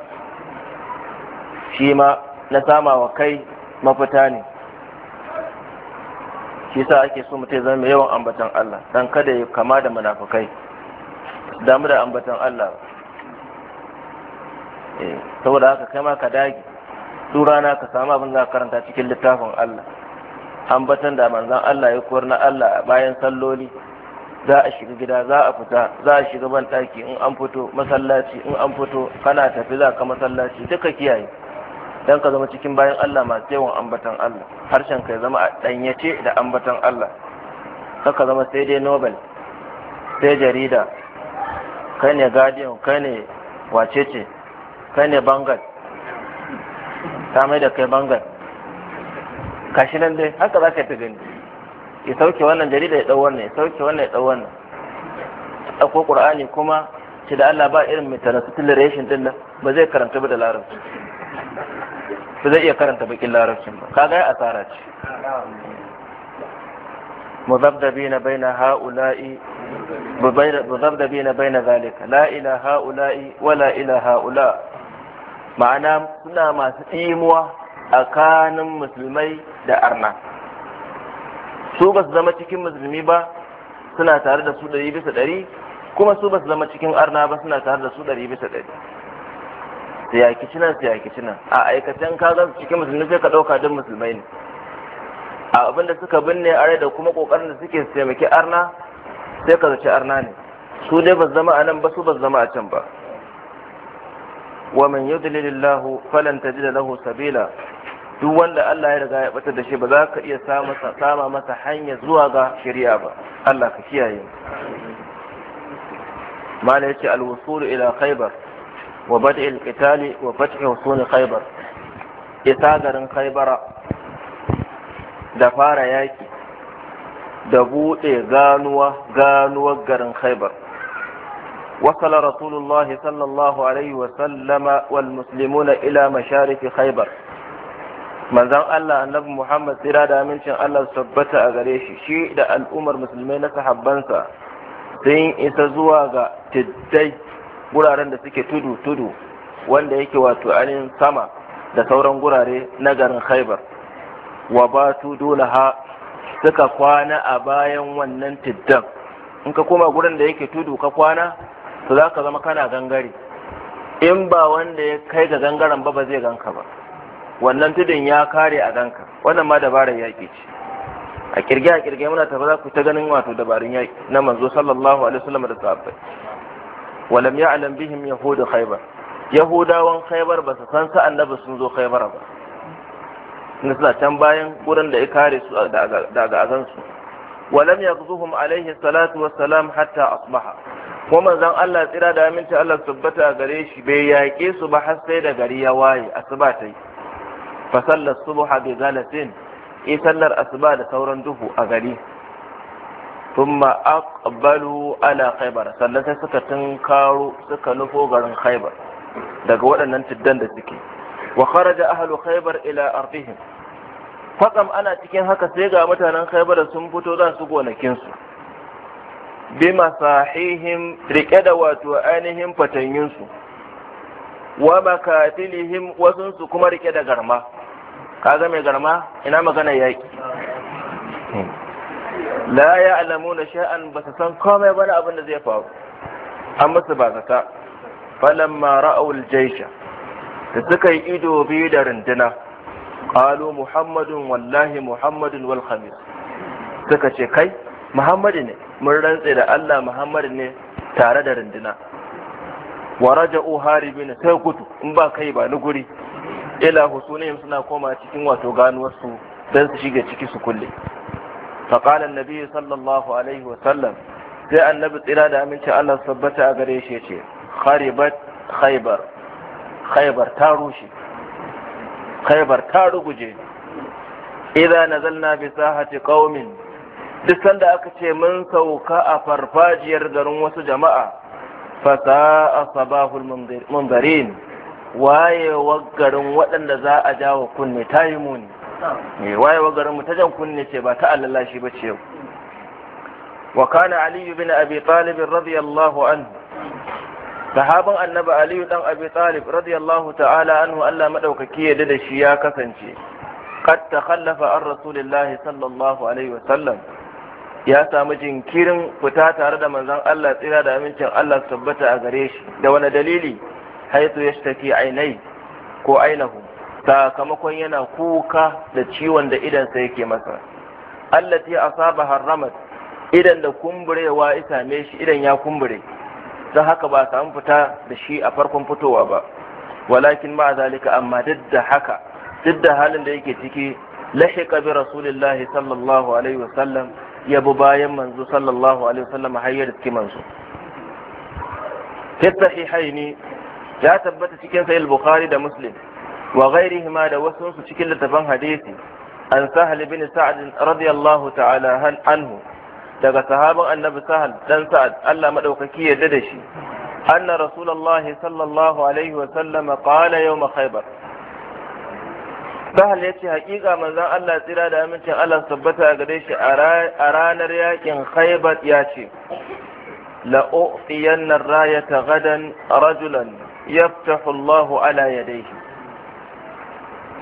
shi ma na sama wa kai mafita ne shi sa ake so mutai zama yawan ambatan Allah dan kada ya kama da munafukai damu da ambatan Allah eh, saboda haka kai ma ka dage duk rana ka samu abin za karanta cikin littafin Allah ambatan da manzan Allah ya kuwar na Allah bayan salloli za a shiga gida za a fita za a shiga ban ɗaki in an fito masallaci in an fito kana tafi za ka masallaci duka kiyaye dan ka zama cikin bayan Allah masu yawan ambatan Allah harshen ka zama a ɗanyace da ambatan Allah ka zama sai dai nobel sai jarida kai ne guardian kai ne wacece kai ne bangal ta mai da kai bangar kashi nan dai haka za ka ta gani ya sauke wannan jarida ya ɗau wannan ya sauke wannan ya ɗau wannan ɗauko ƙur'ani kuma shi da Allah ba irin mai transitil relation din nan ba zai karanta ba da larabci ba zai iya karanta bakin larabci ba kaga ya asara ce مذبذبين بين هؤلاء مذبذبين bai na لا la'ila haula'i wala إلى haula'a. ma'ana suna masu ɗimuwa kanin musulmai da arna su ba su zama cikin musulmi ba suna tare da su ɗari bisa ɗari kuma su ba su zama cikin arna ba suna tare da su ɗari bisa ɗari siyaki cina siyaki cina a aikatan ka gan cikin musulmi sai ka ɗauka don musulmai ne a abin da suka binne a rai da kuma ƙoƙarin da suke taimaki arna sai ka zaci arna ne su dai ba su zama a nan ba su ba su zama a can ba ومن يضلل الله فلن تجد له سبيلا duk wanda Allah ya riga ya bata da shi ba za ka iya sama masa hanya zuwa ga shari'a ba Allah ka kiyaye mala yace al-wusul ila khaybar wa bad'i al-qitali wa fathi wusul khaybar isa garin khaybara da fara yaki da bude ganuwa ganuwar garin khaybar وصل رسول الله صلى الله عليه وسلم والمسلمون إلى مشارف خيبر manzon Allah annabi Muhammad tsira da amincin Allah su tabbata a gare shi shi da al'ummar musulmai na sahabbansa sun isa zuwa ga tiddai guraren da suke tudu tudu wanda yake wato anin sama da sauran gurare na garin Khaibar wa batu dolaha suka kwana a bayan wannan tiddan in ka koma gurin da yake tudu ka kwana to za ka zama kana gangare in ba wanda ya kai ga gangaren ba ba zai ganka ba wannan tudun ya kare a ganka wannan ma dabarar yaƙi ce a kirge a kirge muna tafi za ku ta ganin wato dabarun yaƙi na manzo sallallahu alaihi wasallam da sahabbai walam ya'lam bihim yahud khaybar yahudawan khaybar ba su san sa annabi sun zo khaybar ba ne suna can bayan gurin da ya kare su daga azansu walam yaghzuhum alaihi salatu wassalam hatta asbaha kuma manzon Allah tsira da aminta Allah tabbata gare shi bai yaƙe su ba har sai da gari ya waye asuba ta yi fa sallar subha bi zalatin e sallar asuba da sauran duhu a gari thumma aqbalu ala khaybar sannan sai suka tunkaro suka nufo garin khaybar daga waɗannan tiddan da suke wa kharaja ahlu Khaibar ila ardihim Fatsam ana cikin haka sai ga mutanen khaibar sun fito zan su gonakinsu bi masahihim rike da wato ainihin fatanyinsu wa makatilihim wasunsu kuma rike da garma kaga mai garma ina magana yaƙi la ya alamu na sha'an ba su san komai wani abin da zai faru an musu ba zata falamma ra'ul jaisha da suka yi ido biyu da runduna Kalo muhammadun wallahi muhammadun wal khamis suka ce kai muhammadu ne mun rantse da Allah muhammadu ne tare da rundina wa raja'u haribin gudu in ba kai ba ni guri ila husunihim suna koma cikin wato ganuwar su dan su shiga ciki su kulle fa qala annabi sallallahu alaihi wa sallam sai annabi tsira da aminci Allah sabbata a gare shi yace kharibat khaybar khaybar ta rushe khaybar ta ruguje idza nazalna bi sahati qaumin duk sanda aka ce mun sauka a farfajiyar garin wasu jama'a fasa a sabahul wayewar garin waɗanda za a jawo kunne ta yi muni eh, wayewar garin mu ta jan kunne ce ba ta alalashi ba ce wa kana aliyu bin abi talibin radiyallahu anhu sahaban annabi aliyu dan abi talib radiyallahu ta'ala anhu Allah madaukaki ya da shi ya kasance ta takhallafa an rasulillahi sallallahu alaihi wasallam ya samu jinkirin fita tare da manzon Allah tsira da amincin Allah su tabbata a gare shi da wani dalili haitu yashtaki ainai ko ainahu sakamakon yana kuka da ciwon da idansa yake masa allati asaba harramat idan da kumburewa ya same shi idan ya kumbure don haka ba ta fita da shi a farkon fitowa ba walakin ma zalika amma duk da haka duk da halin da yake ciki lahiqa bi rasulillahi sallallahu alaihi wasallam ya bi bayan manzo sallallahu alaihi wasallam hayyar ki manzo fi sahihaini ya tabbata cikin sahih bukhari da muslim wa ghairihima da wasu cikin littafan hadisi an sahal bin sa'd radiyallahu ta'ala anhu daga sahabin annabi sahal dan sa'ad Allah madaukaki yadda da shi anna rasulullah sallallahu alaihi wa sallam qala yawm khaybar sahal yace hakika manzon Allah tsira da amincin Allah tabbata gare shi a ranar yakin khaybar yace la u'tiyanna ar-rayata gadan rajulan yaftahu Allah ala yadayhi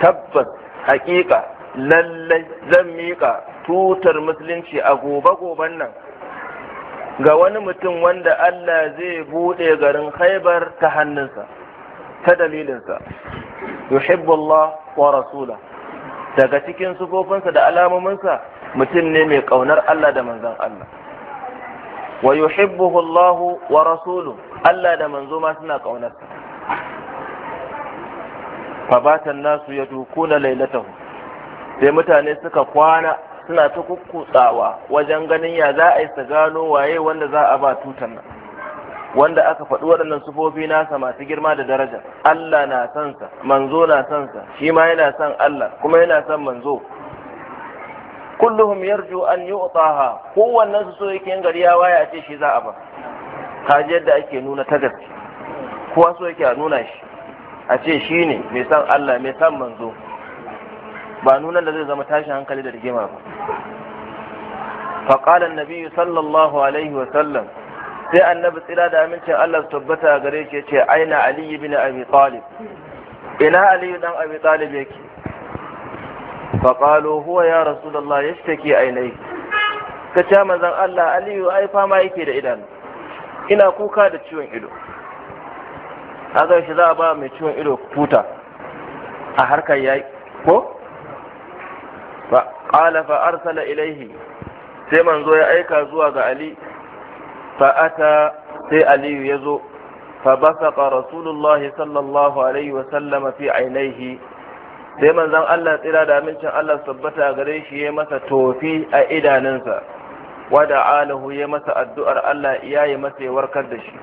tabbas hakika lallai zan miƙa tutar musulunci a gobe-goben nan ga wani mutum wanda Allah zai buɗe garin haibar ta hannunsa ta dalilinsa yuhibbullah wa rasula daga cikin sufofinsa da alamominsa mutum ne mai ƙaunar Allah da manzan Allah wa yuhibbuhu Allah wa rasulu Allah da manzo ma suna ƙaunarsa fabatan nasu ya dukuna lailatahu sai mutane suka kwana suna ta kukkutsawa wajen ganin ya za a yi su gano waye wanda za a ba tutan nan wanda aka faɗi waɗannan sufofi nasa masu girma da daraja Allah na son sa manzo na son sa shi ma yana son Allah kuma yana son manzo kulluhum yarju an yu'taha kowannen su so yake yin gari ya waye a ce shi za a ba kaji yadda ake nuna ta gaske kowa so yake a nuna shi a ce shi ne mai san Allah mai san manzo ba nunan da zai zama tashin hankali da rigima ba faƙala Nabiyu sallallahu alaihi wa sallam sai annabi tsira da amincin Allah su tabbata gare shi ce aina ali ibn abi talib ina ali dan abi talib yake faƙalo huwa ya rasulullah yashtaki ainihi ka ce manzan Allah aliyu ai fama yake da idanu ina kuka da ciwon ido A shi za a ba mai ciwon ido futa a harkar yaƙi ko qala fa arsala ilaihi sai manzo ya aika zuwa ga ali fa ata sai aliyu ya zo fa basaqa rasulullahi sallallahu alaihi wa sallam fi ainihi sai manzon Allah tsira da amincin Allah tabbata gare shi ya masa tofi a idanunsa wada alahu ya masa addu'ar Allah ya yi masa ya warkar da shi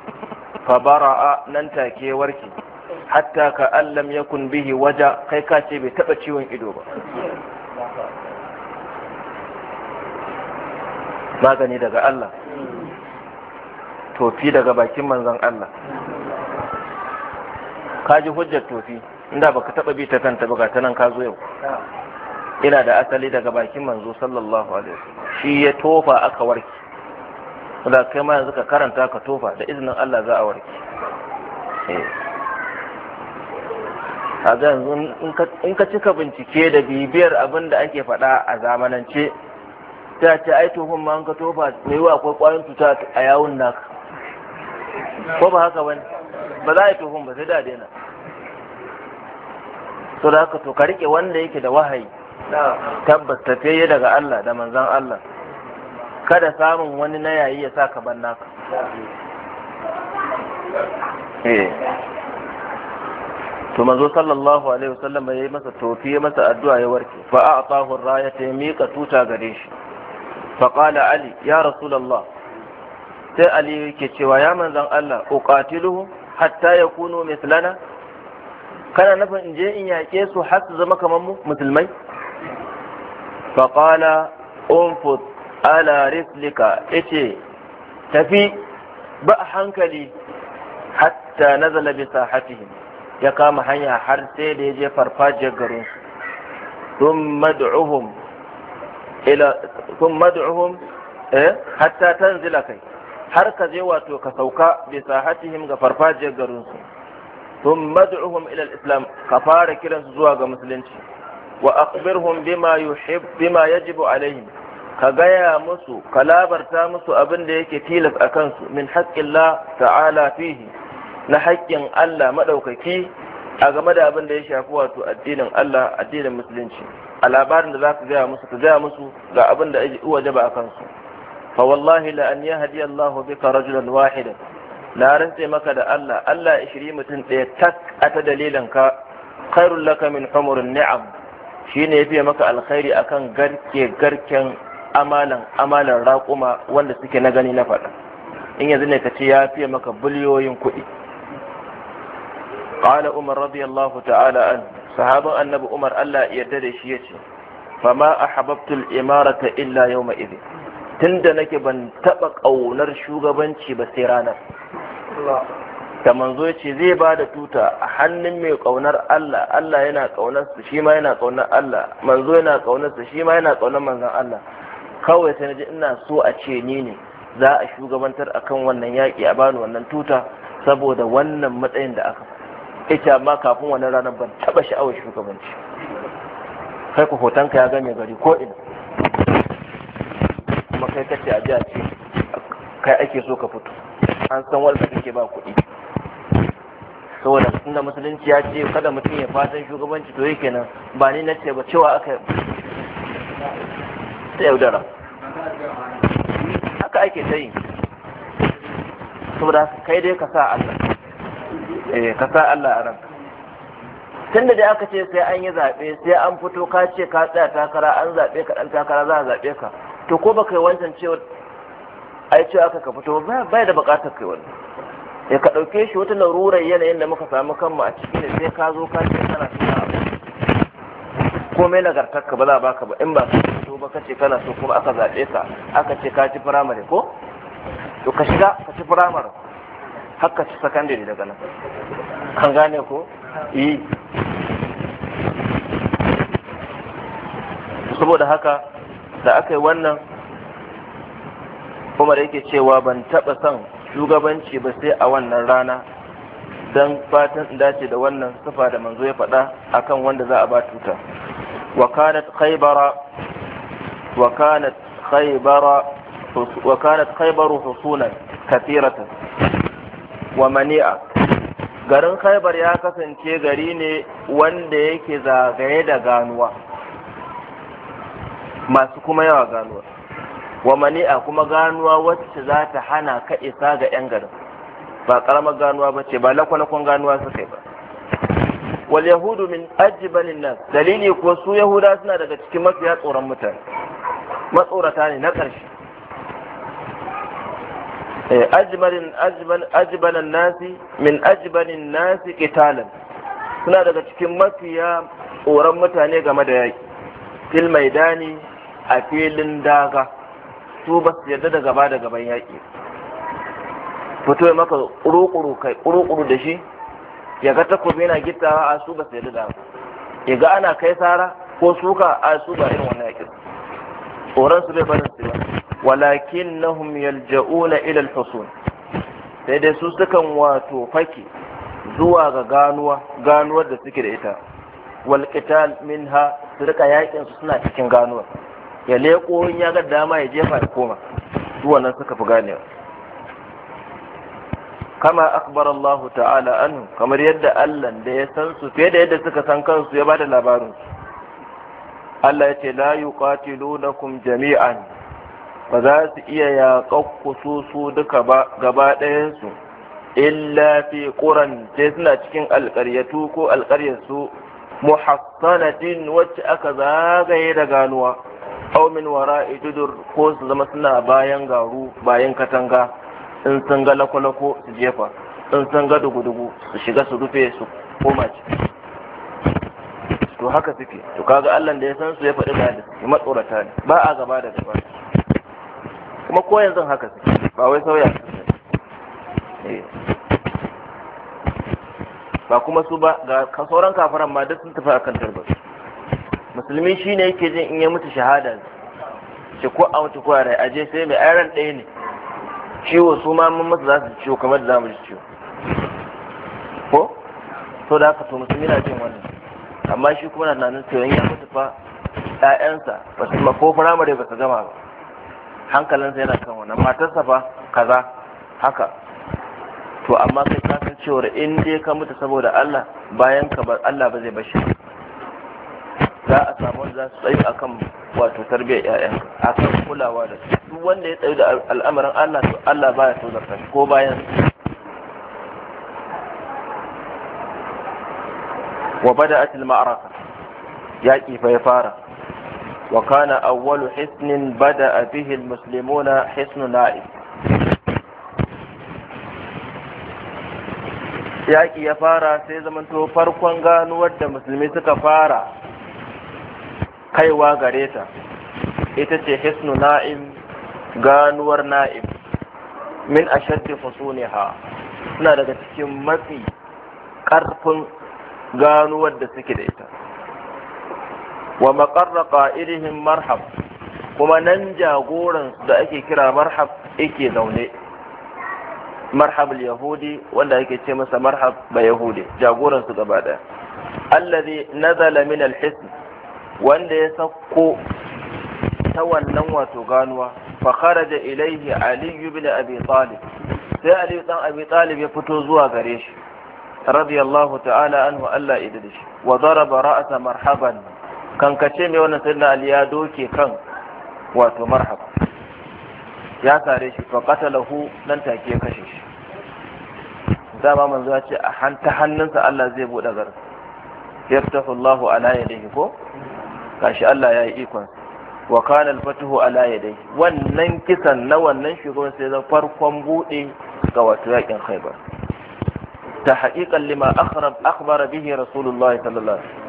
fa bara'a nan take warke hatta ka allam yakun bihi waja kai ka ce bai taba ciwon ido ba magani daga Allah tofi daga bakin manzan Allah ka ji hujjar tofi inda baka taba bi ta kanta ba ta nan ka zo yau ina da asali daga bakin manzo sallallahu alaihi shi ya tofa aka warke da kai ma yanzu ka karanta ka tofa da izinin Allah za a warke eh. a yanzu in ka cika bincike da bibiyar abin da ake faɗa a zamanance ta ce ai hun ma an ka tofa mai yiwa akwai kwayoyin cuta a yawun naka ko ba haka bane ba za a yi hun ba sai da daina so da haka to ka rike wanda yake da wahayi tabbas tafiye daga Allah da manzan Allah kada samun wani na yayi ya sa ka ban naka eh. to manzo sallallahu alaihi wasallam ya yi masa tofi ya masa addu'a ya warke fa a'tahu ar-raya ta miƙa tuta gare shi faƙala ali ya rasulallah sai ali yake cewa ya manzan allah uqatiluhu hatta ya kuno mislana kana nufin in je in yaƙe su har su zama kamar mu musulmai faƙala unfut ala rislika yace tafi ba hankali hatta nazala bi sahatihim ya kama hanya har sai da ya je farfajiyar garin su dun ila sun mad'uhum eh, hatta tanzila kai har ka je wato ka sauka bi sahatihim ga farfajiyar garin su sun mad'uhum ila islam ka fara kiransu zuwa ga musulunci wa akbirhum bima yuhib bima yajibu alaihim ka gaya musu ka labarta musu abin da yake tilas a kansu min haqqillah ta'ala fihi na haƙƙin Allah maɗaukaki a game da abin da ya shafi wato addinin Allah addinin musulunci a labarin da za ka gaya musu ka gaya musu ga abin da ake uwa jaba a kansu fa wallahi la an yahdi Allahu bika rajulan wahidan na rantse maka da Allah Allah ya shiri mutum ɗaya tak a ta dalilin ka khairul laka min humurin ni'am shine yafi maka alkhairi akan garke garken amalan amalan raƙuma wanda suke na gani na faɗa in yanzu ne ka ce ya fiye maka biliyoyin kuɗi qala umar radiyallahu ta'ala anhu sahabin annabi umar allah yarda da shi ya ce ma a hababtul imarata illa yau mai tun da nake ban taɓa ƙaunar shugabanci ba sai ranar ta manzo ce zai ba da tuta a hannun mai ƙaunar Allah Allah yana ƙaunar su shi ma yana ƙaunar Allah manzo yana ƙaunar su shi ma yana ƙaunar manzon Allah kawai sai naji ina so a ce ni ne za a shugabantar akan wannan yaƙi a bani wannan tuta saboda wannan matsayin da aka ita amma kafin wannan ranar ban taba sha'awar shugabanci kai ku hotonka ya gane gari ko ina kuma kai kace a jiya ce kai ake so ka fito an san wanda kake ba kuɗi saboda inda musulunci ya ce kada mutum ya fatan shugabanci to yake nan ba ni na ce ba cewa aka ta yaudara haka ake ta yi saboda kai dai ka sa Allah eh ka sa Allah a ranka tunda da aka ce sai an yi zaɓe sai an fito ka ce ka tsaya takara an zaɓe ka ɗan takara za a zaɓe ka to ko baka yi wancan cewa ai cewa aka ka fito bai da buƙatar kai wani ya ka ɗauke shi wata larurar yanayin da muka samu kanmu a ciki ne sai ka zo ka ce kana so komai nagartar ka ba za a baka ba in ba ka fito ba ka ce kana so kuma aka zaɓe ka aka ce ka ci firamare ko to ka shiga ka ci firamare haka ci sakandare daga nan an gane ko yi e. saboda haka da aka yi wannan umar yake cewa ban taɓa son shugabanci ba sai a wannan rana don fatan dace da wannan sufa da manzo ya faɗa kan wanda za a ba tuta wa kanat وكانت خيبر وكانت wa mani'a garin khaibar ya kasance gari ne wanda yake zagaye da ganuwa masu kuma yawa ganuwa wa mani'a kuma ganuwa wacce za ta hana ka isa ga 'yan garin ba karamar ganuwa ba ce ba lakwalakon ganuwa su yi ba wal yahudu min ajbalin nas dalili ko su yahuda suna daga cikin mafiya tsoron mutane matsorata ne na ƙarshe Eh, ajmalin ajbalan nasi min ajbalin nasi qitalan suna daga cikin mafiya tsoron mutane game da yaki fil maidani a filin daga su ba su yarda da gaba daga ban yaki fito maka kurukuru kai kurukuru da shi ya ga takobi yana gittawa a su ba su yarda da ya ga ana kai sara ko suka a su ba irin wannan yakin tsoron su bai barin su ba Walakin yalja'una ila al sai dai su sukan wato fake zuwa ga ganuwa ganuwar da suke da ita wal qital minha su rika yakin su suna cikin ganuwar ya leko in ya ga dama ya jefa ya koma zuwa nan suka fi ganewa kama akbar Allah ta'ala anhu kamar yadda Allah da ya san su fiye da yadda suka san kansu ya bada labarin Allah ya ce la yuqatilunakum jami'an ba za su iya yaƙakku su su duka gaba ɗayansu illa fi ƙuran sai suna cikin alƙaryatu ko alƙaryarsu muhassanatin wacce aka zagaye da ganuwa Aumin min wara'i idudur ko su zama suna bayan garu bayan katanga in sun ga lakwalako su jefa in sun ga dugu-dugu su shiga su rufe su koma ciki to haka suke to kaga Allah da ya san su ya faɗi da matsorata ne ba a gaba da gaba kuma ko yanzu haka sai, ba wai sauya eh. ba kuma su ba ga sauran kafaran ma duk sun tafi akan tarbar musulmi shine yake jin in ya mutu shahada ce ko a mutu kwara a je sai mai ayran ɗaya ne ciwo su ma mun masa za su ciwo kamar da za mu ji ciwo ko so da haka to musulmi na jin wannan amma shi kuma na nanin tsoron ya mutu fa 'ya'yansa ba su ko firamare ba su gama ba hankalinsa yana kan wannan matarsa fa kaza haka to amma kai ka san cewa in dai ka mutu saboda Allah bayan ka Allah ba zai bashi za a samu za su tsayu akan wato tarbiyyar ƴaƴan akan kulawa da su duk wanda ya tsayu da al'amarin Allah to Allah baya shi ko bayan wa bada'at al-ma'araka yaqi fa ya fara وكان أول حصن بدأ به المسلمون حصن نائب yaƙi ya fara sai zamanto farkon ganuwar da musulmi suka fara kaiwa gare ta ita ce hisnu na'im ganuwar na'im min ashaddi fusuniha suna daga cikin mafi ƙarfin ganuwar da suke da ita wa maƙarra ƙa'irihin marhab kuma nan jagoran da ake kira marhab yake zaune marhab yahudi wanda ake ce masa marhab ba yahudi jagoran su gaba ɗaya allazi nazala min alhisn wanda ya sako ta wannan wato ganuwa fa kharaja ilaihi ali ibn abi talib sai ali dan abi talib ya fito zuwa gare shi radiyallahu ta'ala anhu Allah idda wa daraba ra'sa marhaban kankace mai wannan sayyidina ali ya doke kan wato marhab ya sare shi fa lahu nan take ya kashe shi dama manzo ya ce a hanta hannunsa Allah zai bude gar yaftahu Allahu ala yadihi ko kashi Allah ya yi ikon wa kana al-fatuhu ala yadihi wannan kisan na wannan shugaban sai zan farkon bude ga wato yakin Khaibar ta haqiqan lima akhrab akhbara bihi Rasulullah sallallahu alaihi wasallam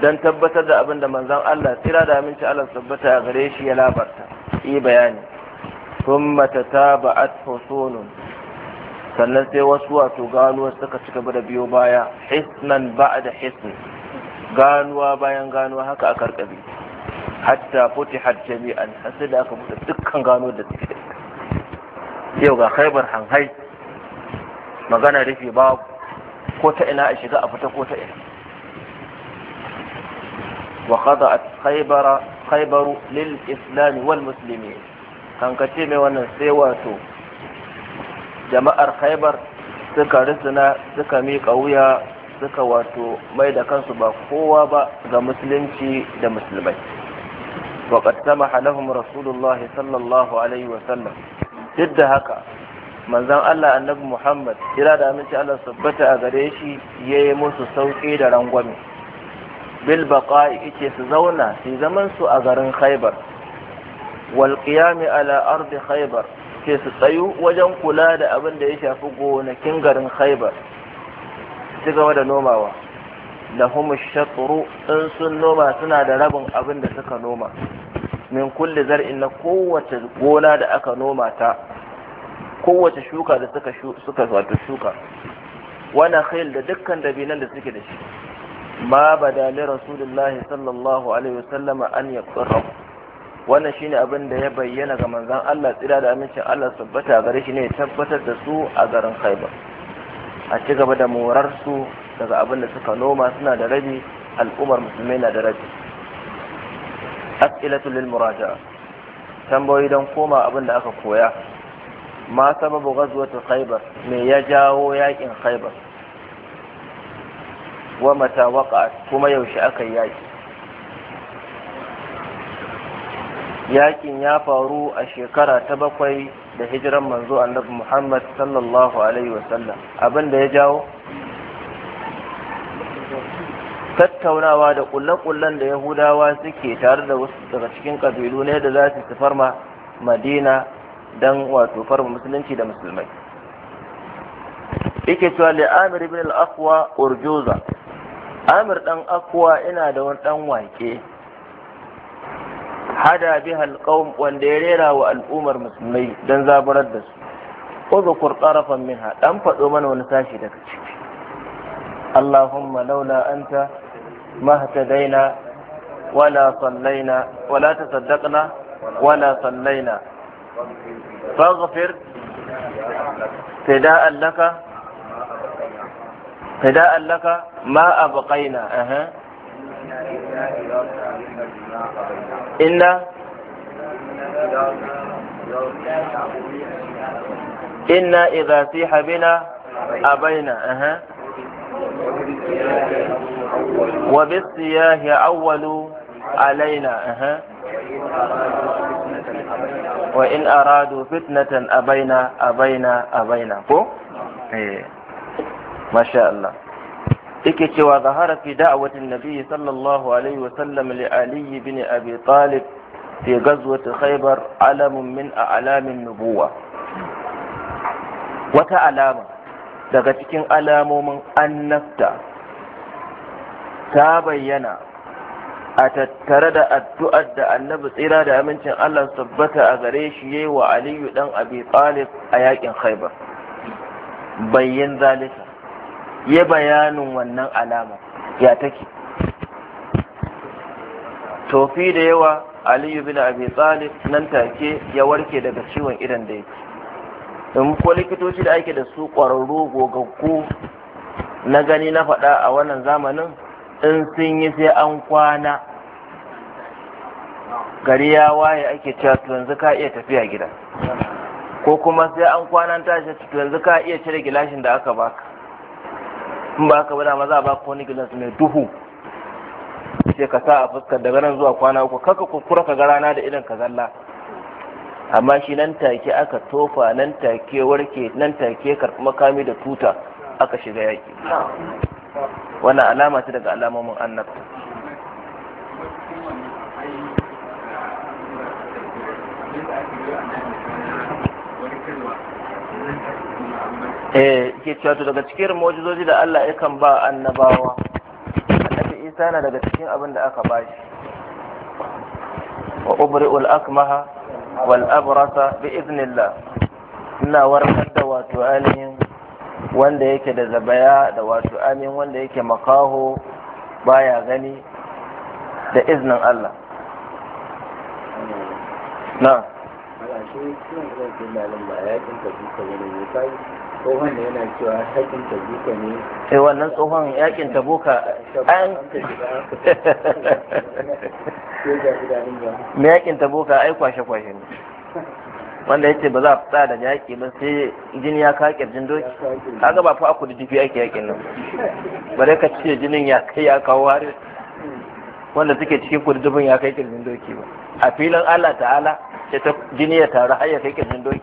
don tabbatar da abin da manzon Allah tira da aminci Allah tabbata a gare shi ya labarta yi bayani ta tataba'at husunun sannan sai wasu wato ganuwa suka cika da biyo baya hisnan da hisn ganuwa bayan ganuwa haka a karkabi hatta futihat jami'an sai da aka buɗe dukkan gano da suke yau ga khaibar hanhai magana rufe babu ko ta ina a shiga a fita ko ta ina وخضعت خيبر خيبر للإسلام والمسلمين kan ka ce mai wannan sai wato jama'ar khaibar suka risina suka miƙa wuya suka wato mai da kansu ba kowa ba ga musulunci da musulmai waƙad sama halahun rasulullah sallallahu alaihi wasallam duk da haka manzan allah annabi muhammad kira da aminci allah sabbata a gare shi ya yi musu sauke da rangwame bil baqa'i su zauna su zaman su a garin khaybar wal qiyami ala ardi khaybar ke su tsayu wajen kula da abin da ya shafi gonakin garin khaybar su gaba da nomawa lahum shatru in sun noma suna da rabin abin da suka noma min kulli zar'in na kowace gona da aka noma ta kowace shuka da suka suka wato shuka wani khayl da dukkan dabinan da suke da shi ma bada li rasulillahi sallallahu wannan shine abin da ya bayyana ga manzon Allah tsira da amincin Allah tabbata gare shi ne tabbatar da su a garin Khaibar a ci gaba da morar su daga abin da suka noma suna da rabi al'ummar musulmai na da rabi as'ilatu lil muraja'a tambayoyi don koma abin da aka koya ma sababu ghazwatu khaibar me ya jawo yakin khaibar wa mata waka kuma yaushe aka yaki yakin ya faru a shekara ta bakwai da hijiran manzo annabi Muhammad sallallahu alaihi wasallam abinda ya jawo tattaunawa da kulle-kullen da yahudawa suke tare da wasu daga cikin kabilu ne da za su farma madina don wato farma musulunci da musulmai yake cewa li'amir ibn al-aqwa urjuza amir dan akwa ina da wani dan wake hada bi halqaum wanda ya rera wa al'ummar musulmai dan zaburar da su uzkur min minha dan fado mana wani sashi daga ciki allahumma laula anta mahtadaina wala sallaina wala tasaddaqna wala sallaina faghfir fida'an laka فداء لك ما أبقينا أها إن إن إذا سيح بنا أبينا أها وبالسياه أول علينا أها وإن أرادوا فتنة أبينا أبينا أبينا كو masha Allah yake cewa zahara fi da'awatin nabiyyi sallallahu alaihi wa sallam li ali ibn abi talib fi ghazwati khaybar alamun min a'lamin nubuwa wata alama daga cikin alamomin annabta ta bayyana a tattare da addu'ar da annabi tsira da amincin Allah tabbata a gare shi yayi wa Aliyu dan Abi Talib a yakin Khaibar bayyin zalika ya bayanin wannan alama ya take tofi da yawa aliyu bin abi talib nan take ya warke daga ciwon idan da yake in ko likitoci da ake da su ƙwararru gogaggu na gani na faɗa a wannan zamanin in sun yi sai an kwana gari ya waye ake cewa yanzu ka iya tafiya gida ko kuma sai an kwana tashi yanzu ka iya cire gilashin da aka baka in ba haka ba maza ba ka wani gilas mai duhu sai ka sa a fuskar daga nan zuwa kwana uku kaka kuskura ka ga rana da idan ka zalla amma shi nan take aka tofa nan take warke nan take karɓi makami da tuta aka shiga yaki. wannan alama ce daga alamomin annabta eh ke cewa to daga cikin mu'jizoji da Allah yakan ba annabawa annabi Isa na daga cikin abin da aka ba shi wa ubri'ul akmaha wal abrasa bi idnillah ina warkar da wato ainihin wanda yake da zabaya da wato ainihin wanda yake makaho baya gani da iznin Allah na shi suna zan ce malam ba yakin tabuka wani ne kai tsohon ne yana cewa yakin tabuka ne eh wannan tsohon yakin tabuka an me yakin tabuka ai kwashe kwashe ne wanda yace ba za a fita da yaƙi ba sai jini ya ka kirjin doki kaga ba fa aku da dubi ake yaƙin nan bare ka ce jinin ya kai ya kawo har wanda suke cikin kududufin ya kai kirjin doki ba a filin Allah ta'ala ya ta jini ya taru har ya kai kirjin doki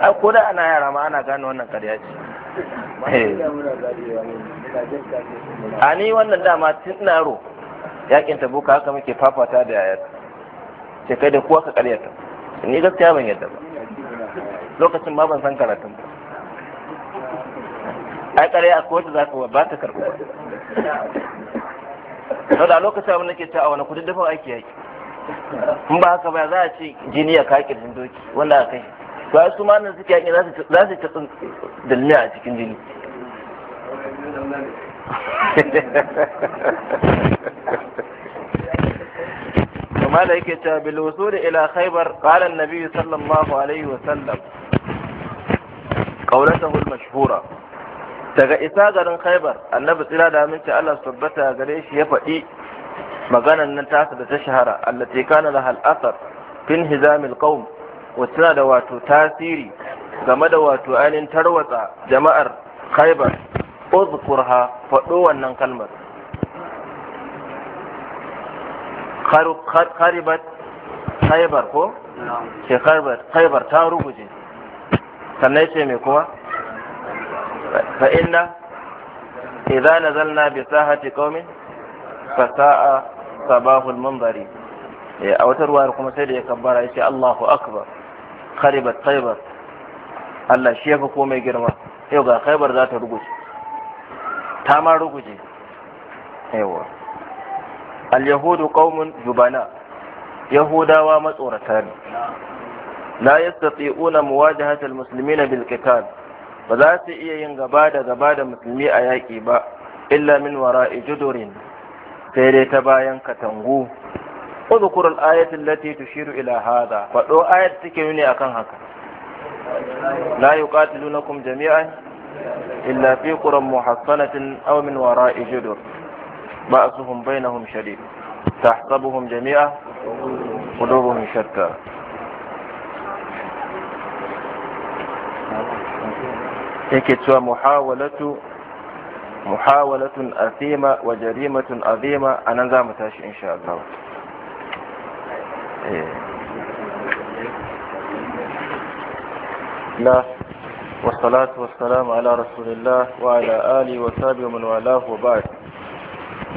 a ko da ana yara ma ana gane wannan karya ce eh. a ni wannan dama tun na ro yakin ta buka haka muke fafata da yayar ce kai da kuwa ka ta. ni gaskiya ban yadda ba lokacin ma ban san karatun ba ai karya a kowace za ka ba ta karɓa ba da lokacin abin da ke ta a wani kudin dafa aiki yaki in ba haka ba za a ce jini ya kaki din doki wanda aka yi ba su ma nan suke yaƙi za su ci dalmi a cikin jini kuma da yake cewa bil da ila khaibar kalan nabi sallallahu alaihi wa sallam qawlatuhu al-mashhura daga isa garin Khaibar, annabi tsira da aminci Allah subhanahu gare shi ya faɗi maganar nan tasa da ta shahara allati kana da hal asar fin hizamil qaum tana da wato tasiri game da wato ainin tarwatsa jama'ar khaybar uzkurha faɗo wannan kalmar kharibat khaybar ko ce khaybar ta ruguje sannan ce mai kuma fa inna idza nazalna bi sahati qaumin fa sa'a sabahu al-munzari a wata ruwayar kuma sai da ya kabbara ya ce Allahu akbar kharibat khaybar Allah shi ya fi komai girma yau ga khaybar za ta ruguje ta ma ruguje yawa al-yahudu qaumun jubana yahudawa matsorata ne la yastati'una muwajahata al-muslimina bil qital ba za su iya yin gaba da gaba da musulmi a yaƙi ba illa min wara'i judurin sai dai ta bayan katangu udhkur al ayatin allati tushiru ila hadha fado ayat take nuni akan haka la yuqatilunakum jami'an illa fi quran muhassanatin aw min wara'i judur ba'suhum bainahum shadid tahsabuhum jami'a qulubuhum shatta yake cewa muhawalatu muhawalatun Azima wa jarimatun azima a nan za mu tashi insha Allah eh. na wasalatu wasalamu ala rasulillah wa ala ali wa sabi wa wa ba'd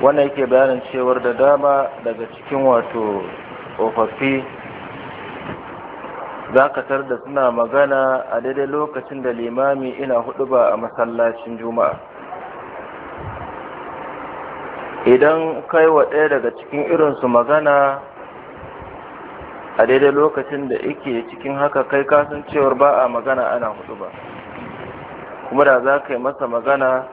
wannan yake bayanin cewar da dama daga cikin wato tsofaffi za ka tar da suna magana a daidai lokacin da limami ina hudu ba a masallacin juma'a idan kai wa ɗaya daga cikin irinsu magana a daidai lokacin da ike cikin haka kai kasan kasancewar ba a magana ana hudu ba kuma da za ka yi masa magana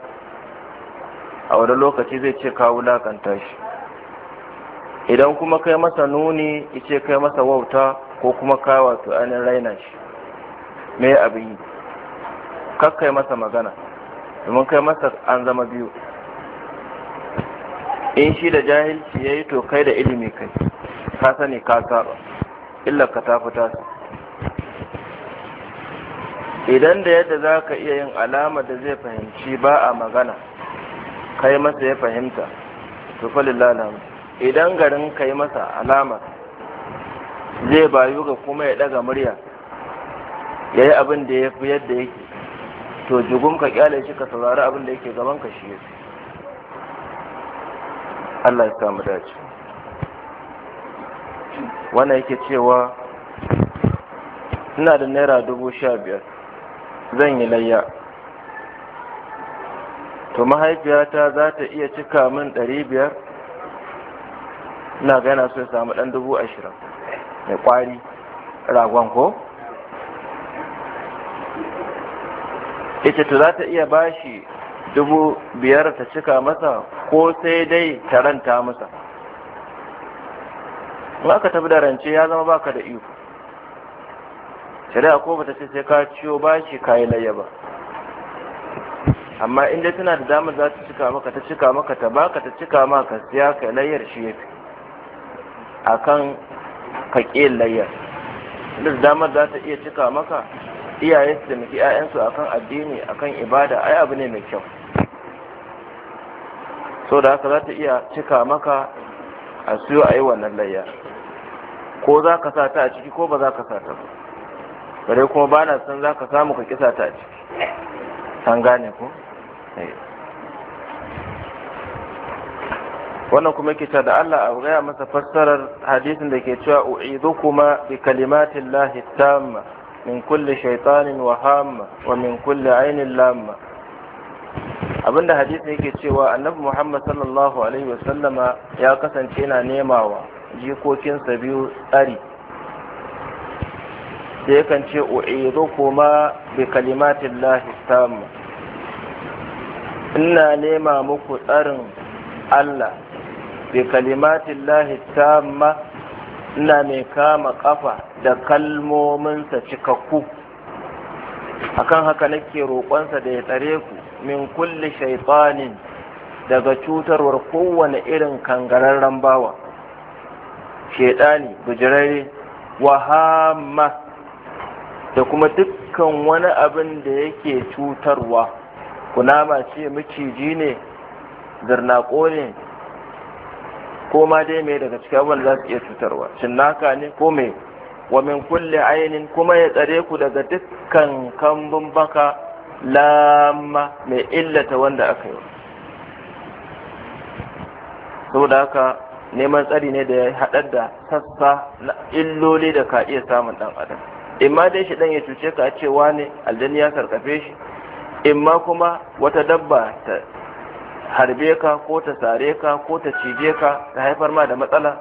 a wani lokaci zai ce kawo lakanta shi idan kuma kai masa nuni ice kai masa wauta ko kuma kawo to raina shi me abin yi kakkai masa magana domin kai masa an zama biyu in shi da jahilci ya yi to kai da ilimi kai ka sani ka saba illa ka ta fita idan da yadda za ka iya yin alama da zai fahimci ba a magana kai masa ya fahimta to falilala idan garin kai masa alamar zai bayu ga kuma ya daga murya ya yi abin da ya fi yadda yake to jugun ka kyale shi ka saurari abin da yake gaban ka shi yake Allah ya samu dace wanda yake cewa ina da naira dubu sha biyar zan yi layya to mahaifiyata za ta iya cika min ɗari biyar ina gana so ya samu ɗan dubu ashirin mai ƙwari ragon ko ita to za ta iya bashi dubu biyar ta cika masa ko sai dai ta ranta masa ba ka tafi da rance ya zama baka da iko shari'a ko bata ce sai ka ciyo shi kayi layya ba amma in dai tana da damar za ta cika maka ta cika maka ta baka ta cika maka siya kai layyar shi ya fi a kan ka ƙi layyar da damar za ta iya cika maka iyaye su da muke 'ya'yansu akan addini akan ibada ai abu ne mai kyau so da haka za ta iya cika maka a siyo a yi wannan layya ko za ka sa ta a ciki ko ba za ka sa ta ba bare kuma ba na san za ka samu ka kisa ta a ciki san gane ko eh. wannan kuma ke da Allah a gaya masa fassarar hadisin da ke cewa u'idu kuma bi kalimatin lahi tamma min kulli shaitanin wa hamma wa min kulli ainin lamma abinda hadisi yake cewa annabi muhammad sallallahu alaihi wasallama ya kasance yana nemawa jikokinsa biyu tsari Sai kan ce u'idu kuma bi kalimatin lahi tamma ina nema muku tsarin allah bi kalimatin lahi tamma ina mai kama kafa da kalmominsa cikakku akan haka nake roƙonsa da ya tsare ku min kulli shaitanin daga cutarwar kowane irin kangararren bawa shaidani bijirare wahama da kuma dukkan wani abin da yake cutarwa kunama ce miciji ne zirnako ne ko ma dai mai daga cikin abin za su iya cutarwa cinnaka ne ko mai wa min kulle ainihin? kuma ya tsare ku daga dukkan kambun baka lamma mai illata wanda aka yi saboda haka neman tsari ne da ya haɗar da sassa na illoli da ka iya samun ɗan adam imma dai shi ɗan ya cuce ka cewa ne aljani ya karkafe shi imma kuma wata dabba ta harbe ka ko ta sare ka ko ta cije ka ta haifar ma da matsala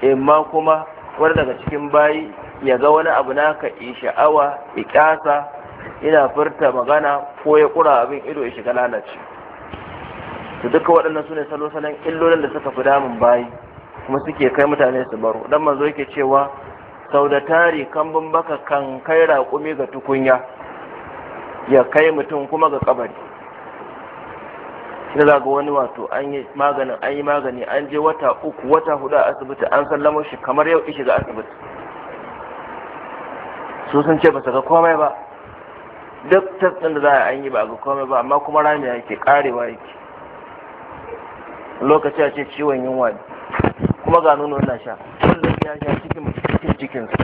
imma kuma wani daga cikin bayi ya ga wani abu naka i sha'awa ya ƙyasa ina furta magana ko ya kura abin ido ya shiga lalace to duka waɗannan su ne salo illolin da suka fi damun bayi kuma suke kai mutane su baro dan manzo yake cewa sau da tari kambun baka kan kai raƙumi ga tukunya ya kai mutum kuma ga kabari ina za ga wani wato an yi maganin an yi magani an je wata uku wata hudu a asibiti an sallamo shi kamar yau ishi ga asibiti su sun ce ba su ga komai ba duk tasirin da za a yi ba ga komai ba amma kuma rami yake karewa yake lokaci a ce ciwon yunwa ne kuma ga nuna na sha kullum ya sha cikin cikin su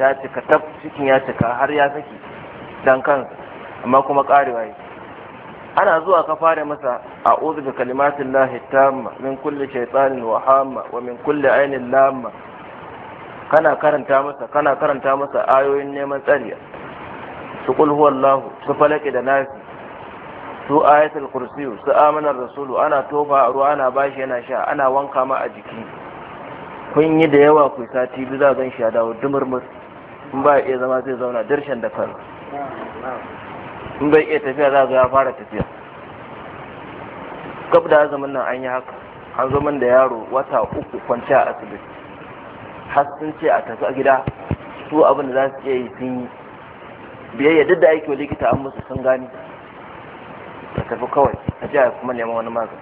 ya cika tab cikin ya cika har ya saki dan kansa amma kuma karewa yake ana zuwa ka fara masa a uzu ga kalimatin lahi tamma min kulli shaytanin wa hamma wa min kulli ainin lamma kana karanta masa kana karanta masa ayoyin neman tsariya su qul Allah su falaki da nafi su ayatul kursi su amanar rasulu ana tofa a ruwa ana bashi yana sha ana wanka ma a jiki kun yi da yawa ku sati biyu za zan shi ya dawo dumurmur in ba iya zama zai zauna darshen da kan in bai iya tafiya za ga ya fara tafiya gab da azumin nan an yi haka an zo min da yaro wata uku kwanciya a asibiti har sun ce a tafi a gida su abin da za su iya yi sun yi biyayya duk da aiki wa likita an musu sun gani ta tafi kawai a jiya kuma neman wani magani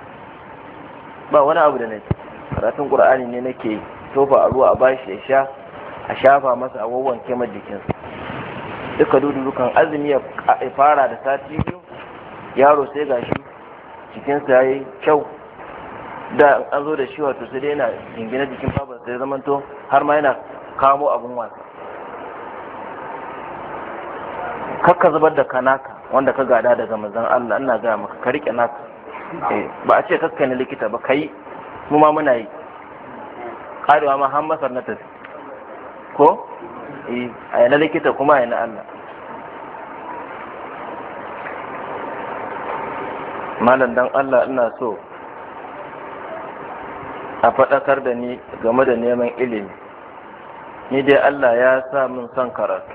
ba wani abu da na ce karatun ƙur'ani ne nake tofa a ruwa a bashi ya sha a shafa masa a wawan mai jikinsa duka dudurukan azumi ya fara da sati biyu yaro sai gashi cikinsa ya yi kyau da an zo da shi wato sai dai yana jingina jikin babar sai to har ma yana kamo abun wasa kakka zubar da kanaka wanda ka gada daga manzon Allah ina ga maka ka rike naka eh, ba a ce kakka ne likita ba kai mu ma muna yi karewa ma har masar na tafi ko eh, a na likita kuma a na Allah malam dan Allah ina so a faɗakar da ni game da neman ilimi ni dai Allah ya sa min son karatu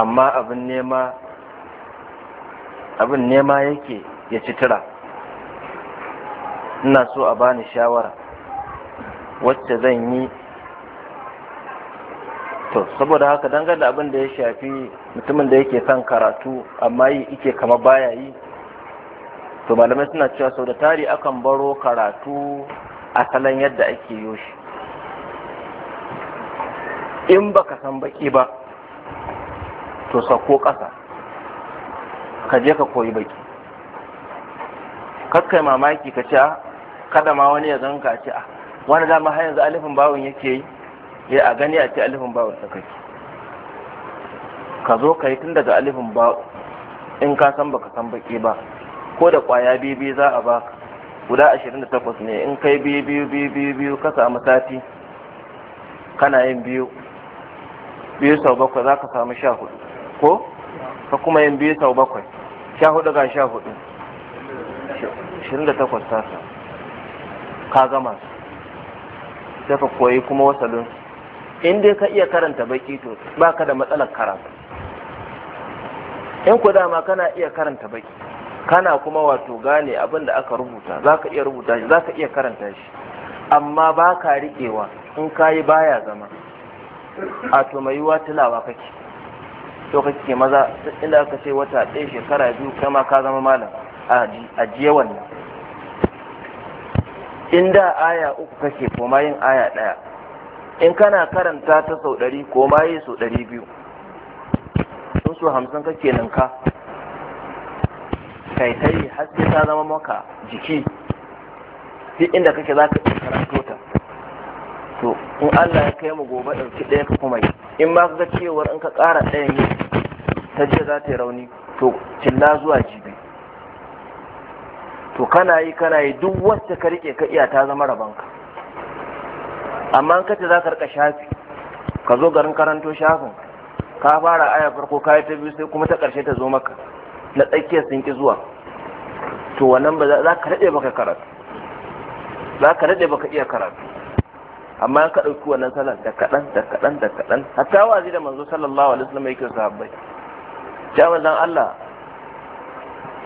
amma abin nema abin nema yake ya ci tura ina so a bani shawara wacce zan yi to saboda haka dangane da abin da ya shafi mutumin da yake son karatu amma yi ike kama baya yi to malamai suna cewa sau da tari akan baro karatu asalin yadda ake yo shi in baka san baki ba to sako kasa, ka je ka koyi baki kakkai mamaki ka ce ah, kada ma wani ya ka ce a ah, wani dama har yanzu alifin bawon yake yi ya eh, a gani a ce alifin bawon ta kake ka zo ka yi tun daga alifin bawon in ka san baka san baki ba ko da kwaya biyu biyu za a ba guda ashirin da takwas ne in kai biyu biyu biyu biyu biyu ka samu sati kana yin biyu biyu sau bakwai za ka samu sha hudu ko ka kuma yin biyu sau bakwai sha hudu ga sha hudu ashirin da takwas ta sa ka gama su sai ka koyi kuma wasalin in dai ka iya karanta baki to ba ka da matsalar karatu in ku dama kana iya karanta baki kana kuma wato gane abin da aka rubuta za ka iya rubuta shi za ka iya karanta shi amma ba ka riƙewa in ka yi baya zama a to mai yiwuwa tilawa kake to kake maza inda aka ce wata ɗaya shekara biyu kai ma ka zama malam a jiya wannan in da aya uku kake koma yin aya ɗaya in kana karanta ta sau ɗari koma yi sau ɗari biyu in so hamsin kake ninka kai ta yi har sai ta zama maka jiki duk inda kake za ka iya karanto ta to in Allah ya kai mu gobe ɗauki ɗaya ka kuma yi in ma ga cewar in ka ƙara ɗayan yi ta je za ta yi rauni to cilla zuwa jibi to kana yi kana yi duk wacce ka rike ka iya ta zama rabanka amma in ka ce za ka rika shafi ka zo garin karanto shafin ka fara aya farko ka yi ta biyu sai kuma ta ƙarshe ta zo maka na tsakiyar sun ki zuwa to wannan ba za ka daɗe baka karatu za ka daɗe baka iya karatu amma ka ɗauki wannan salon da kaɗan da kaɗan da kaɗan hatta wazi da manzo sallallahu alaihi wasallam yake sahabbai ya manzon Allah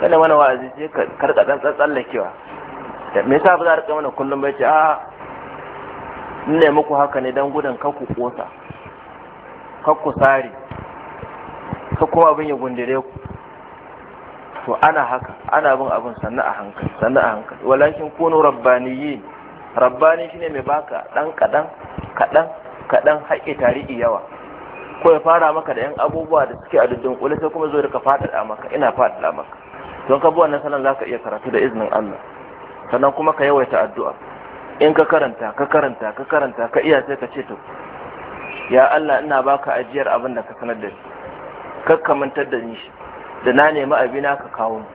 kada mana wa'azi sai ka karka dan tsallakewa me yasa ba za ka mana kullum ba ce a ne muku haka ne dan gudan kakku kosa sari ka kakku abin ya gundire ku to ana haka ana bin abin sannu a hankali sannu a hankali walakin kunu rabbaniyi rabbani shine mai baka dan kadan kadan kadan haƙƙi tarihi yawa ko ya fara maka da yan abubuwa da suke a dudun kula sai kuma zo da ka faɗaɗa maka ina faɗaɗa maka don ka bi wannan sanan zaka iya karatu da iznin Allah sannan kuma ka yawaita addu'a in ka karanta ka karanta ka karanta ka iya sai ka ce to ya Allah ina baka ajiyar abin da ka sanar da ni kakka mantar da ni shi da na nemi abina ka kawo mu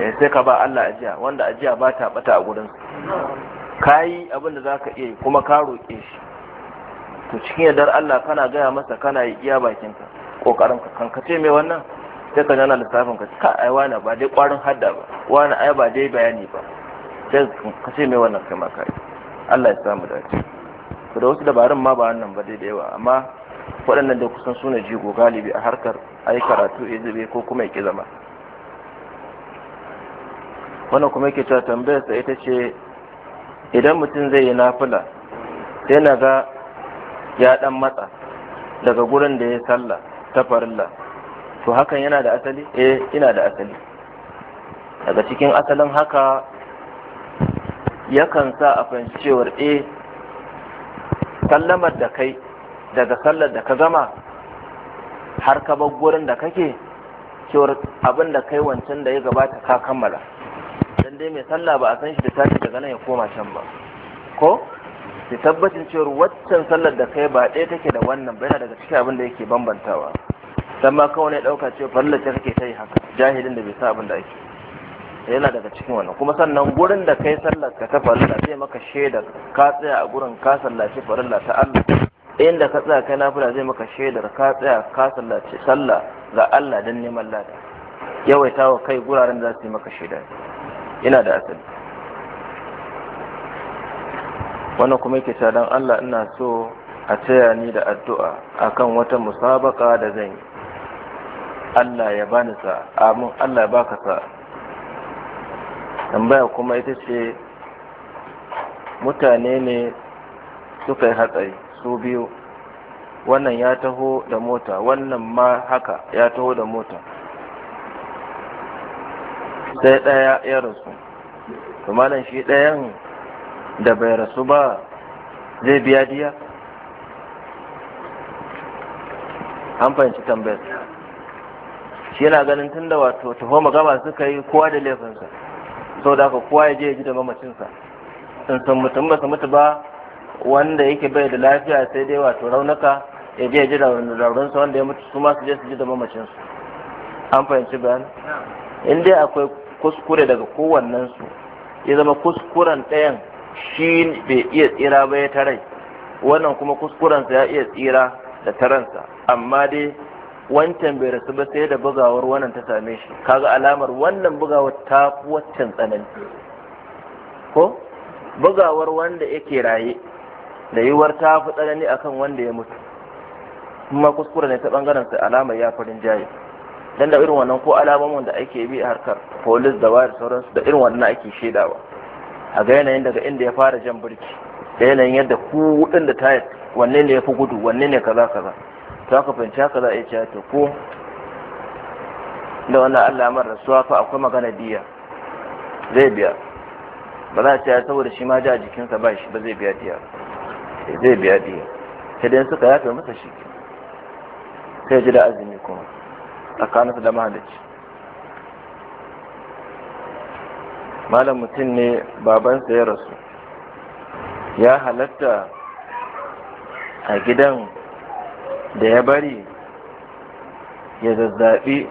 eh, sai ka ba Allah ajiya wanda ajiya ba ta bata a gurin ka yi abin da za ka iya kuma ka roƙe shi to cikin yardar Allah kana gaya masa kana yi iya ka ƙoƙarin ka kan ce mai wannan sai ka jana lissafin ka ka ai wani ba dai ƙwarin hadda ba wani ai ba dai bayani ba sai ka ce mai wannan kai ma ka yi Allah ya samu dace to da wasu dabarun ma ba wannan ba dai da yawa amma waɗannan da kusan suna jigo galibi a harkar a yi karatu ya zube ko kuma ya ƙi zama kuma yake cewa tambayar sa ita ce idan mutum zai yi nafila sai na ga ya dan matsa daga gurin da ya sallah ta farilla to hakan yana da asali eh ina da asali daga cikin asalin haka yakan sa a fahimci cewar eh sallamar da kai daga sallar da ka gama har ka bar gurin da kake cewar abin da kai wancan da ya gabata ka kammala dan dai mai sallah ba a san shi da tashi daga nan ya koma can ba ko ki tabbacin cewar waccan sallar da kai ba ɗaya take da wannan ba yana daga cikin abin da yake bambantawa dan ma kawai ne dauka cewa fallar ta kake kai haka jahilin da bai sa abin da ake yana daga cikin wannan kuma sannan gurin da kai sallar ka ta farilla sai maka shaidar ka tsaya a gurin ka sallaci farilla ta Allah inda ka tsaya kai nafila zai maka shaidar ka tsaya ka sallace sallah ga Allah dan neman lada yawaita wa kai guraren za su yi maka shaida ina da asali wannan kuma yake cewa don Allah ina so a taya ni da addu'a akan wata musabaka da zan yi Allah ya bani sa amin Allah ya baka sa tambaya kuma ita ce mutane ne suka yi hatsari su biyu wannan ya taho da mota wannan ma haka ya taho da mota sai ɗaya ya rasu to malam shi ɗayan da bai rasu ba zai biya diya an fahimci tambayar shi yana ganin tun da wato taho magaba suka yi kowa da laifinsa sau da aka kowa ya je ya ji da mamacinsa in san mutum ba su mutu ba wanda yake bai da lafiya sai dai wato raunuka ya je ji raunin sa wanda ya mutu su ma su je su ji da mamacin an fahimci bayan in dai akwai kuskure daga kowannen su ya zama kuskuren ɗayan shi bai iya tsira ba ya tarai wannan kuma kuskurensa ya iya tsira da taransa amma dai wancan bai rasu ba sai da bugawar wannan ta same shi kaga alamar wannan bugawar ta wancan tsanani ko bugawar wanda yake raye da yiwuwar ta fi tsanani akan wanda ya mutu kuma kuskure ne ta bangaren sai alamar ya farin jaye dan da irin wannan ko alamomin da ake bi a harkar polis da wayar sauransu da irin wannan ake shaidawa a ga yanayin daga inda ya fara jan birki da yanayin yadda ku da da tayar wanne ne ya fi gudu wanne ne kaza kaza to aka fahimci haka za a yi cewa ta, ko da wannan Allah mar rasuwa fa akwai magana diya zai biya ba za a ce saboda shi ma ja jikinsa ba shi ba zai biya diya zai biya ɗiya sai dai suka yafe masa shi sai ji da azumi kuma tsakanin da mahalicci malam mutum ne babansa ya rasu ya halatta a gidan da ya bari ya zazzaɓi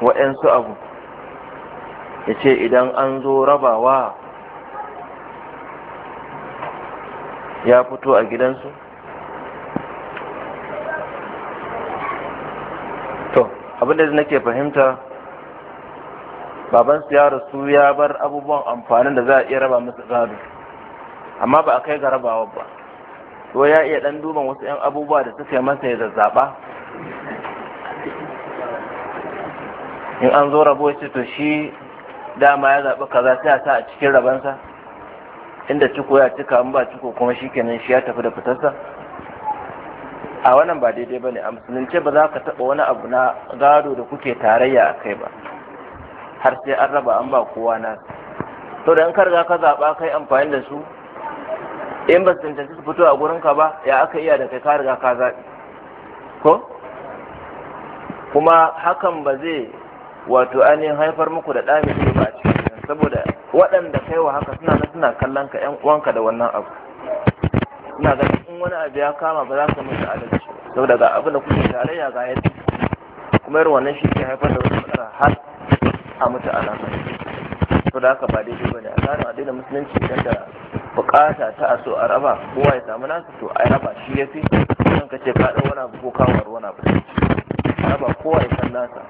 waɗansu abu ya ce idan an zo rabawa ya fito a gidansu to abinda nake fahimta babansu ya rasu ya bar abubuwan amfanin da za a iya raba musu gado amma ba a kai ga rabawa ba to ya iya dan duba wasu 'yan abubuwa da suka masa ya zazzaba in an zo rabo shi to shi dama ya zaɓi kaza sai a sa a cikin rabansa inda ciko ya cika an ba ciko kuma shikenan shi ya tafi da fitarsa a wannan ba daidai ba ne a musulunce ba za ka taba wani abu na gado da kuke tarayya a kai ba har sai an raba an ba kowa na to da in ka riga ka zaɓa kai amfani da su in ba su tantance su fito a gurin ka ba ya aka iya da kai ka riga ka zaɓi ko kuma hakan ba zai wato ainihin haifar muku da ɗa ba a cikin saboda waɗanda kai wa haka suna na suna kallon ka yan uwanka da wannan abu ina ga in wani abu ya kama ba za ka mutu adalci saboda ga abin da kuke tarayya ga yadda kuma irin wannan shi ke haifar da wasu matsala har a mutu alama to da haka ba daidai ba ne a tsarin addinin musulunci idan da bukata ta a so a raba kowa ya samu nasu to a raba shi ya fi kan ka ce ka ɗau wani abu ko kawo wani abu raba kowa ya san nasa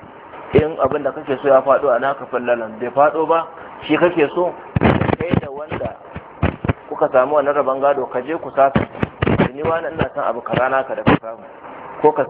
in abin da kake so ya faɗo a naka fallalan bai faɗo ba shi kake so kai da wanda kuka samu wannan rabon gado ka je ku sata ni wani ina son abu rana naka da ka samu ko ka